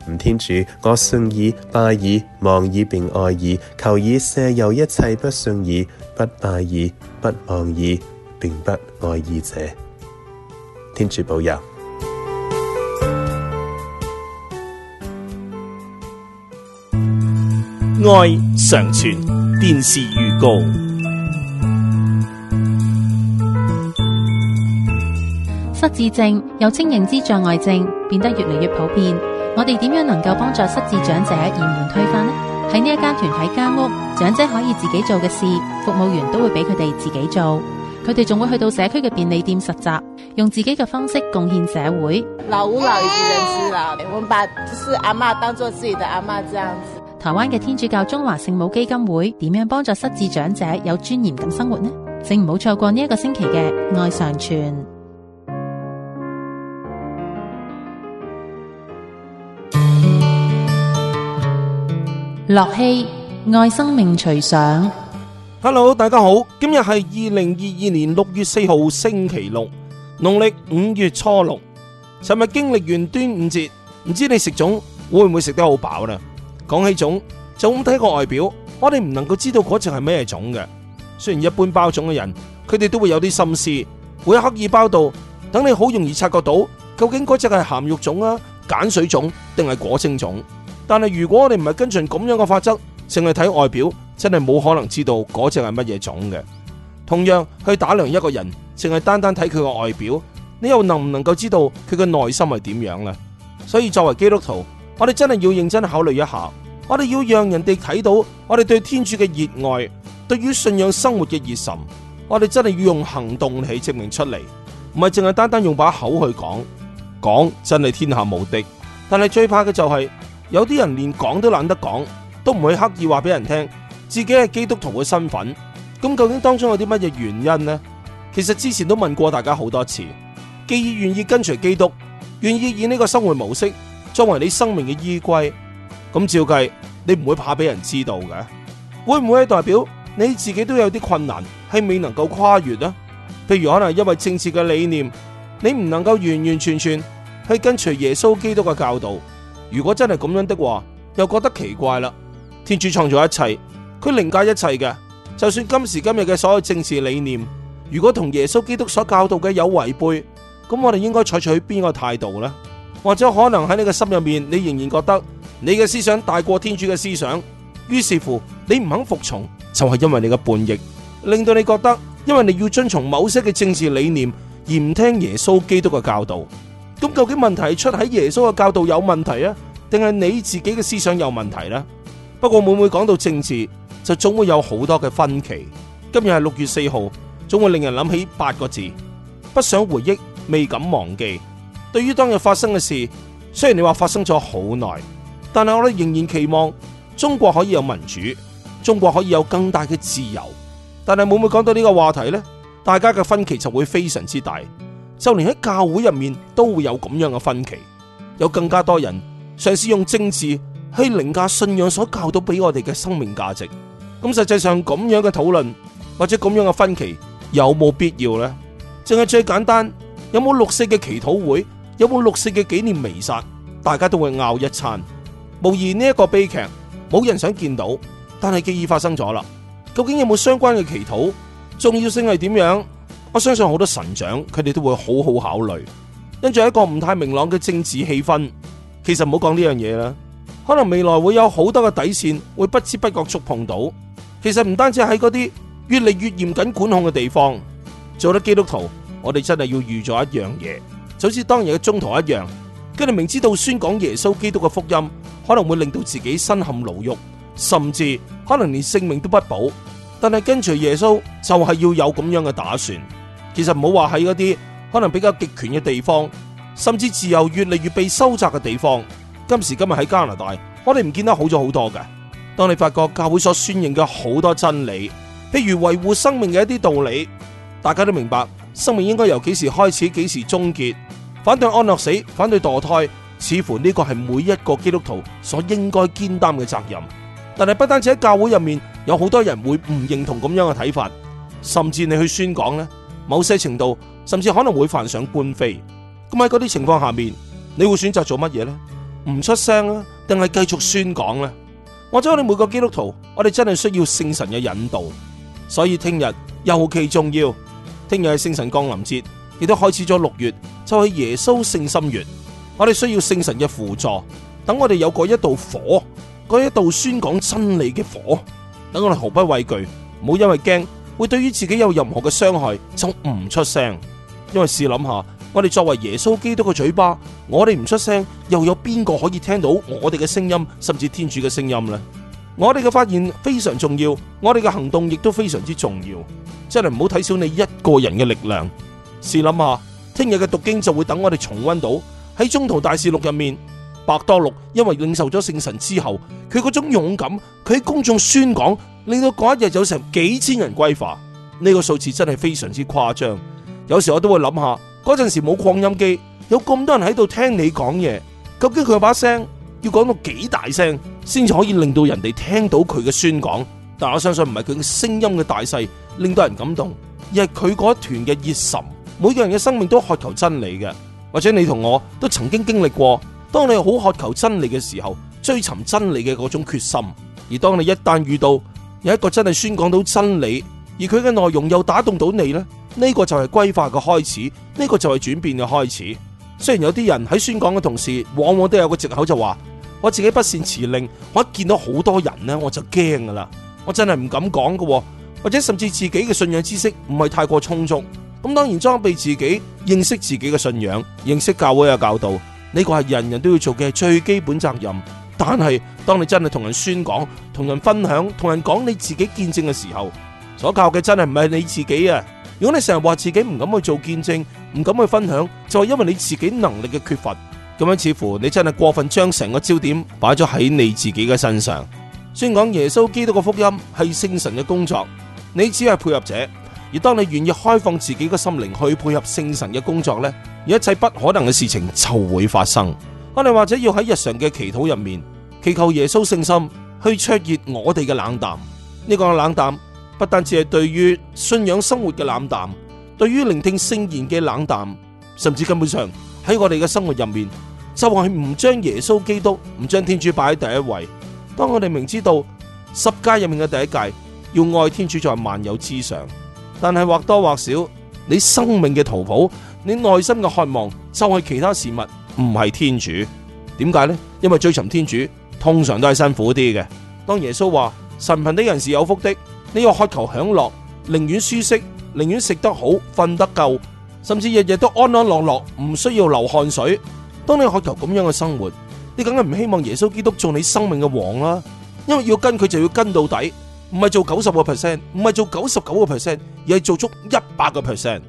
吾天主，我信爾拜爾望爾並愛爾，求爾赦宥一切不信爾不拜爾、不望爾並不愛爾者。天主保佑。愛常存。電視預告。失智症又稱認知障礙症，變得越嚟越普遍。我哋點樣能夠幫助失智長者延緩推翻呢？喺呢一間團體家屋，長者可以自己做嘅事，服務員都會俾佢哋自己做。佢哋仲會去到社區嘅便利店實習，用自己嘅方式貢獻社會。老吾老以及人之老，我們把就是阿媽當做自己的阿媽，這樣子。台灣嘅天主教中華聖母基金會點樣幫助失智長者有尊嚴咁生活呢？請唔好錯過呢一個星期嘅愛常傳。樂器愛生命隨想，Hello，大家好，今日係二零二二年六月四號星期六，農曆五月初六，尋日經歷完端午節，唔知你食糉會唔會食得好飽呢？講起糉，總睇個外表，我哋唔能夠知道嗰隻係咩糉嘅。雖然一般包糉嘅人，佢哋都會有啲心思，會刻意包到，等你好容易察覺到究竟嗰隻係鹹肉糉啊、鹼水糉定係裹蒸糉。但係，如果我哋唔係跟隨咁樣嘅法則淨係睇外表，真係冇可能知道嗰隻係乜嘢種嘅。同樣去打量一個人，淨係單單睇佢個外表，你又能唔能夠知道佢嘅內心係點樣呢？所以作為基督徒，我哋真係要認真考慮一下，我哋要讓人哋睇到我哋對天主嘅熱愛，對於信仰生活嘅熱忱，我哋真係要用行動嚟證明出嚟，唔係淨係單單用把口去講，講真係天下無敵。但係最怕嘅就係……有啲人連講都懶得講，都唔會刻意話俾人聽自己係基督徒嘅身份。咁究竟當中有啲乜嘢原因呢？其實之前都問過大家好多次，既然願意跟隨基督，願意以呢個生活模式作為你生命嘅依歸，咁照計你唔會怕俾人知道嘅。會唔會係代表你自己都有啲困難，係未能夠跨越呢？譬如可能因為政治嘅理念，你唔能夠完完全全係跟隨耶穌基督嘅教導。如果真係咁樣的話，又覺得奇怪啦。天主創造一切，佢凌駕一切嘅。就算今時今日嘅所有政治理念，如果同耶穌基督所教導嘅有違背，咁我哋應該採取邊個態度呢？或者可能喺你嘅心入面，你仍然覺得你嘅思想大過天主嘅思想。於是乎，你唔肯服從，就係因為你嘅叛逆，令到你覺得因為你要遵從某些嘅政治理念而唔聽耶穌基督嘅教導。咁究竟問題出喺耶穌嘅教導有問題啊，定係你自己嘅思想有問題呢？不過每每講到政治，就總會有好多嘅分歧。今日係六月四號，總會令人諗起八個字：不想回憶，未敢忘記。對於當日發生嘅事，雖然你話發生咗好耐，但係我哋仍然期望中國可以有民主，中國可以有更大嘅自由。但係每每講到呢個話題呢，大家嘅分歧就會非常之大。就連喺教會入面都會有咁樣嘅分歧，有更加多人嘗試用政治去凌駕信仰所教導俾我哋嘅生命價值。咁實際上咁樣嘅討論或者咁樣嘅分歧有冇必要呢？淨係最簡單，有冇六四嘅祈禱會？有冇六四嘅紀念彌撒，大家都會拗一餐。無疑呢一個悲劇冇人想見到，但係既已發生咗啦。究竟有冇相關嘅祈禱？重要性係點樣？我相信好多神長佢哋都會好好考慮，因住一個唔太明朗嘅政治氣氛，其實唔好講呢樣嘢啦。可能未來會有好多嘅底線會不知不覺觸碰到。其實唔單止喺嗰啲越嚟越嚴謹管控嘅地方，做得基督徒，我哋真係要預咗一樣嘢，就好似當日嘅宗徒一樣，佢哋明知道宣講耶穌基督嘅福音可能會令到自己身陷牢獄，甚至可能連性命都不保，但係跟隨耶穌就係要有咁樣嘅打算。其實唔好話喺嗰啲可能比較極權嘅地方，甚至自由越嚟越被收窄嘅地方，今時今日喺加拿大，我哋唔見得好咗好多嘅。當你發覺教會所宣認嘅好多真理，譬如維護生命嘅一啲道理，大家都明白生命應該由幾時開始，幾時終結，反對安樂死，反對墮胎，似乎呢個係每一個基督徒所應該肩擔嘅責任。但係不單止喺教會入面，有好多人會唔認同咁樣嘅睇法，甚至你去宣講呢。某些程度，甚至可能會犯上官非。咁喺嗰啲情況下面，你會選擇做乜嘢呢？唔出聲呀，定係繼續宣講呢？或者我哋每個基督徒，我哋真係需要聖神嘅引導。所以聽日尤其重要，聽日係聖神降臨節，亦都開始咗六月，就係耶穌聖心月。我哋需要聖神嘅輔助，等我哋有嗰一道火，嗰一道宣講真理嘅火，等我哋毫不畏懼，唔好因為驚，會對於自己有任何嘅傷害就唔出聲，因為試諗下，我哋作為耶穌基督嘅嘴巴，我哋唔出聲，又有邊個可以聽到我哋嘅聲音，甚至天主嘅聲音呢？我哋嘅發言非常重要，我哋嘅行動亦都非常之重要，真係唔好睇小你一個人嘅力量。試諗下，聽日嘅讀經就會等我哋重溫到喺宗徒大事錄入面，伯多祿，因為領受咗聖神之後，佢嗰種勇敢，佢喺公眾宣講。令到嗰一日有成幾千人歸化，呢個數字真係非常之誇張。有時我都會諗下，嗰陣時冇擴音機，有咁多人喺度聽你講嘢，究竟佢把聲要講到幾大聲先至可以令到人哋聽到佢嘅宣講？但我相信唔係佢嘅聲音嘅大細令到人感動，而係佢嗰一團嘅熱心，每個人嘅生命都渴求真理嘅，或者你同我都曾經經歷過。當你好渴求真理嘅時候，追尋真理嘅嗰種決心，而當你一旦遇到，有一個真係宣講到真理，而佢嘅內容又打動到你呢？呢個就係歸化嘅開始，呢個就係轉變嘅開始。雖然有啲人喺宣講嘅同時，往往都有一個借口就話，我自己不善辭令，我一見到好多人呢，我就驚噶啦，我真係唔敢講噶，或者甚至自己嘅信仰知識唔係太過充足，咁當然裝備自己，認識自己嘅信仰，認識教會嘅教導，呢個係人人都要做嘅最基本責任。但係，當你真係同人宣講、同人分享、同人講你自己見證嘅時候，所教嘅真係唔係你自己啊！如果你成日話自己唔敢去做見證、唔敢去分享，就係因為你自己能力嘅缺乏。咁樣似乎你真係過分將成個焦點擺咗喺你自己嘅身上。宣講耶穌基督嘅福音係聖神嘅工作，你只係配合者。而當你願意開放自己嘅心靈去配合聖神嘅工作呢，一切不可能嘅事情就會發生。我哋或者要喺日常嘅祈禱入面，祈求耶穌聖心去灼熱我哋嘅冷淡。呢、這個冷淡不單止係對於信仰生活嘅冷淡，對於聆聽聖言嘅冷淡，甚至根本上喺我哋嘅生活入面，就係唔將耶穌基督、唔將天主擺喺第一位。當我哋明知道十誡入面嘅第一誡要愛天主在萬有之上，但係或多或少，你生命嘅圖譜，你內心嘅渴望，就係、是、其他事物。唔係天主，點解呢？因為追尋天主通常都係辛苦啲嘅。當耶穌話神貧的人是有福的，你要渴求享樂，寧願舒適，寧願食得好、瞓得夠，甚至日日都安安樂樂，唔需要流汗水。當你渴求咁樣嘅生活，你梗係唔希望耶穌基督做你生命嘅王啦。因為要跟佢就要跟到底，唔係做九十個 percent，唔係做九十九個 percent，而係做足一百個 percent。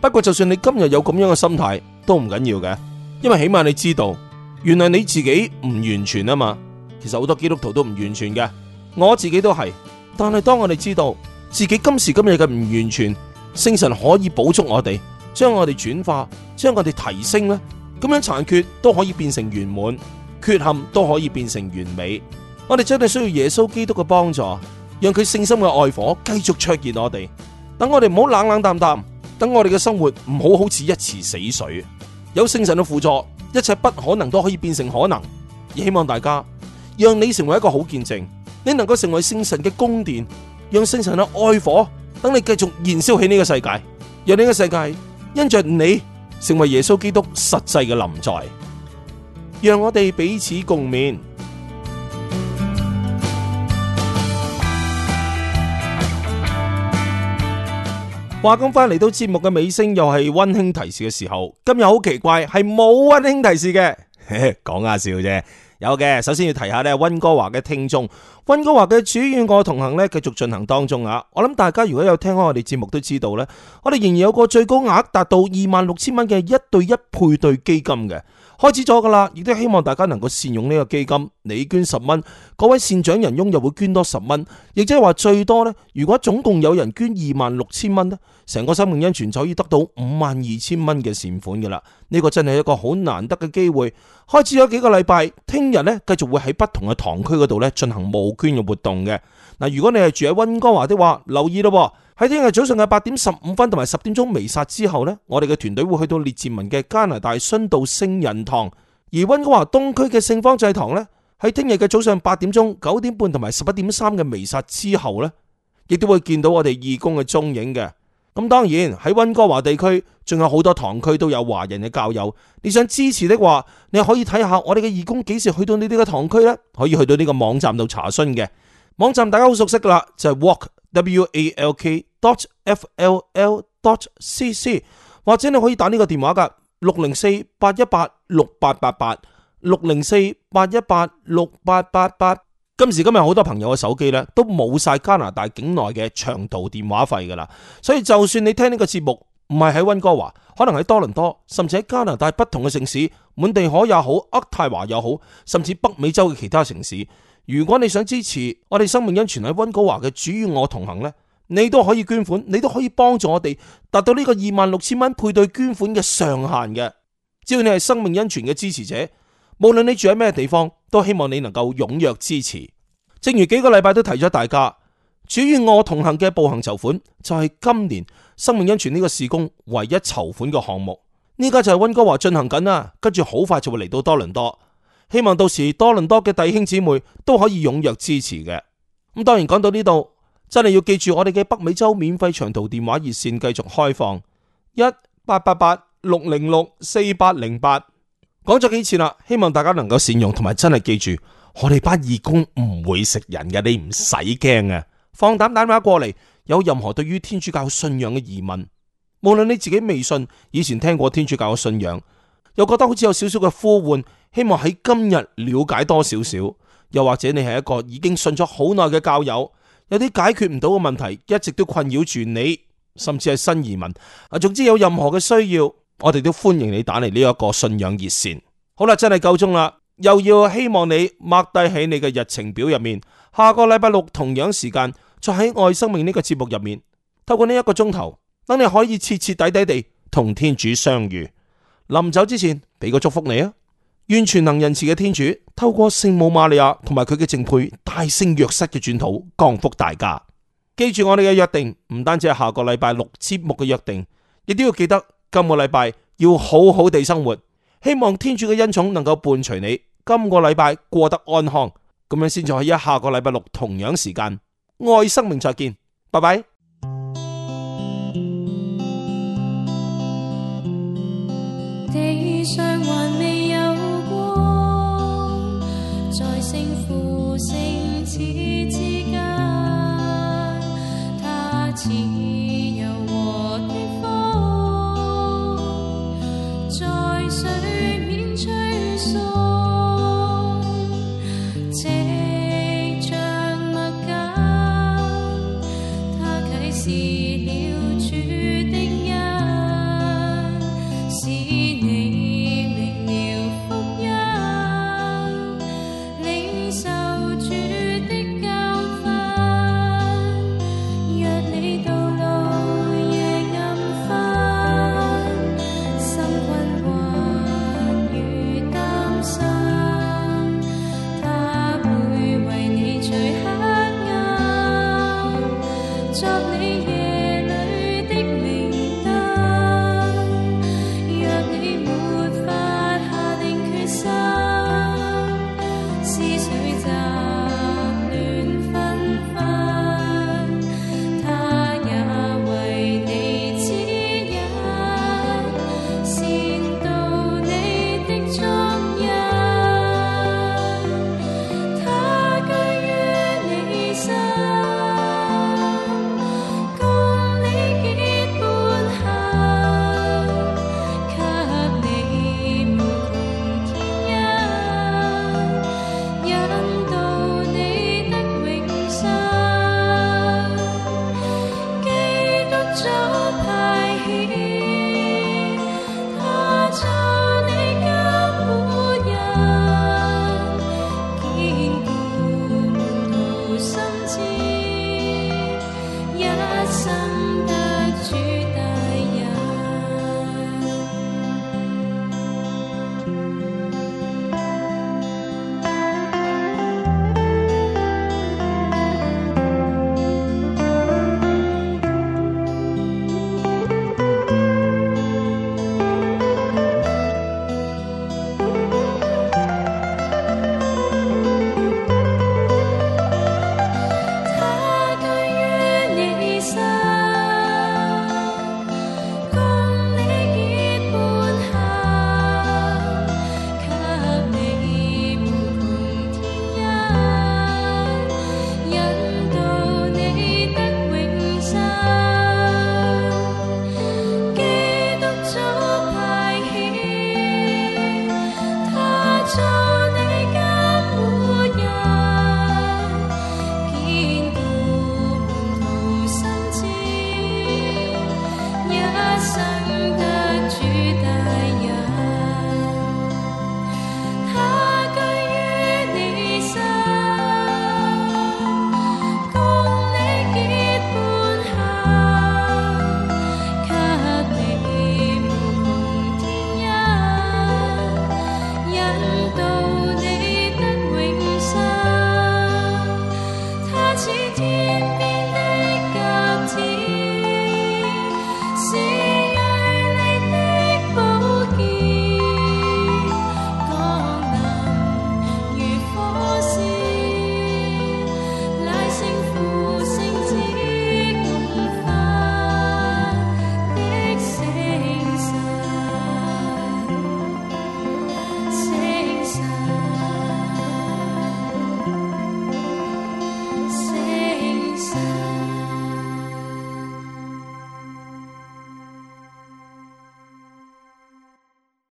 不過就算你今日有咁樣嘅心態，都唔緊要嘅。因為起碼你知道，原來你自己唔完全啊嘛。其實好多基督徒都唔完全嘅，我自己都係。但係當我哋知道自己今時今日嘅唔完全，聖神可以補足我哋，將我哋轉化，將我哋提升咧。咁樣殘缺都可以變成圓滿，缺陷都可以變成完美。我哋真係需要耶穌基督嘅幫助，讓佢聖心嘅愛火繼續出現我哋。等我哋唔好冷冷淡淡，等我哋嘅生活唔好好似一池死水。有聖神嘅輔助，一切不可能都可以變成可能。希望大家，讓你成為一個好見證，你能夠成為聖神嘅宮殿，讓聖神嘅愛火等你繼續燃燒起呢個世界，讓呢個世界因着你成為耶穌基督實際嘅臨在，讓我哋彼此共勉。話咁翻嚟到節目嘅尾聲，又係溫馨提示嘅時候，今日好奇怪，係冇溫馨提示嘅。講下笑啫，有嘅。首先要提下呢溫哥華嘅聽眾，溫哥華嘅主與我同行呢，繼續進行當中啊。我諗大家如果有聽開我哋節目都知道呢，我哋仍然有個最高額達到二萬六千蚊嘅一對一配對基金嘅。開始咗噶啦，亦都希望大家能夠善用呢個基金。你捐十蚊，各位善長人翁又會捐多十蚊，亦即係話最多呢。如果總共有人捐二萬六千蚊呢，成個生命恩泉就可以得到五萬二千蚊嘅善款噶啦。呢個真係一個好難得嘅機會。開始咗幾個禮拜，聽日呢，繼續會喺不同嘅堂區嗰度呢，進行募捐嘅活動嘅。嗱，如果你係住喺温哥華的話，留意咯。喺聽日早上嘅八點十五分同埋十點鐘彌撒之後呢，我哋嘅團隊會去到列治文嘅加拿大殉道聖人堂，而溫哥華東區嘅聖方濟堂呢，喺聽日嘅早上八點鐘、九點半同埋十一點三嘅彌撒之後呢，亦都會見到我哋義工嘅蹤影嘅。咁當然喺溫哥華地區，仲有好多堂區都有華人嘅教友。你想支持的話，你可以睇下我哋嘅義工幾時去到你呢個堂區呢，可以去到呢個網站度查詢嘅。網站大家好熟悉噶啦，就係 walk w a l k。dot f l l dot c c 或者你可以打呢個電話噶六零四八一八六八八八六零四八一八六八八八。今時今日好多朋友嘅手機咧都冇晒加拿大境內嘅長途電話費噶啦，所以就算你聽呢個節目唔係喺温哥華，可能喺多倫多，甚至喺加拿大不同嘅城市，滿地可也好，渥太華又好，甚至北美洲嘅其他城市，如果你想支持我哋生命恩泉喺温哥華嘅主與我同行呢你都可以捐款，你都可以幫助我哋達到呢個二萬六千蚊配對捐款嘅上限嘅。只要你係生命恩泉嘅支持者，無論你住喺咩地方，都希望你能夠踴躍支持。正如幾個禮拜都提咗大家，主與我同行嘅步行籌款就係今年生命恩泉呢個事工唯一籌款嘅項目。呢家就係溫哥華進行緊啦，跟住好快就會嚟到多倫多，希望到時多倫多嘅弟兄姊妹都可以踴躍支持嘅。咁當然講到呢度。真係要記住我哋嘅北美洲免費長途電話熱線繼續開放一八八八六零六四八零八，講咗幾次啦，希望大家能夠善用，同埋真係記住，我哋班義工唔會食人嘅，你唔使驚呀，放膽打電話過嚟，有任何對於天主教信仰嘅疑問，無論你自己未信，以前聽過天主教嘅信仰，又覺得好似有少少嘅呼喚，希望喺今日了解多少少，又或者你係一個已經信咗好耐嘅教友，有啲解決唔到嘅問題，一直都困擾住你，甚至係新移民啊。總之有任何嘅需要，我哋都歡迎你打嚟呢一個信仰熱線。好啦，真係夠鐘啦，又要希望你擘低喺你嘅日程表入面，下個禮拜六同樣時間，再喺愛生命呢個節目入面，透過呢一個鐘頭，等你可以徹徹底底地同天主相遇。臨走之前，俾個祝福你啊！願全能仁慈嘅天主透過聖母瑪利亞同埋佢嘅淨配大聖若瑟嘅轉禱降福大家。記住我哋嘅約定，唔單止係下個禮拜六節目嘅約定，亦都要記得今個禮拜要好好地生活。希望天主嘅恩寵能夠伴隨你今個禮拜過得安康，咁樣先至可以喺下個禮拜六同樣時間愛生命再見，拜拜。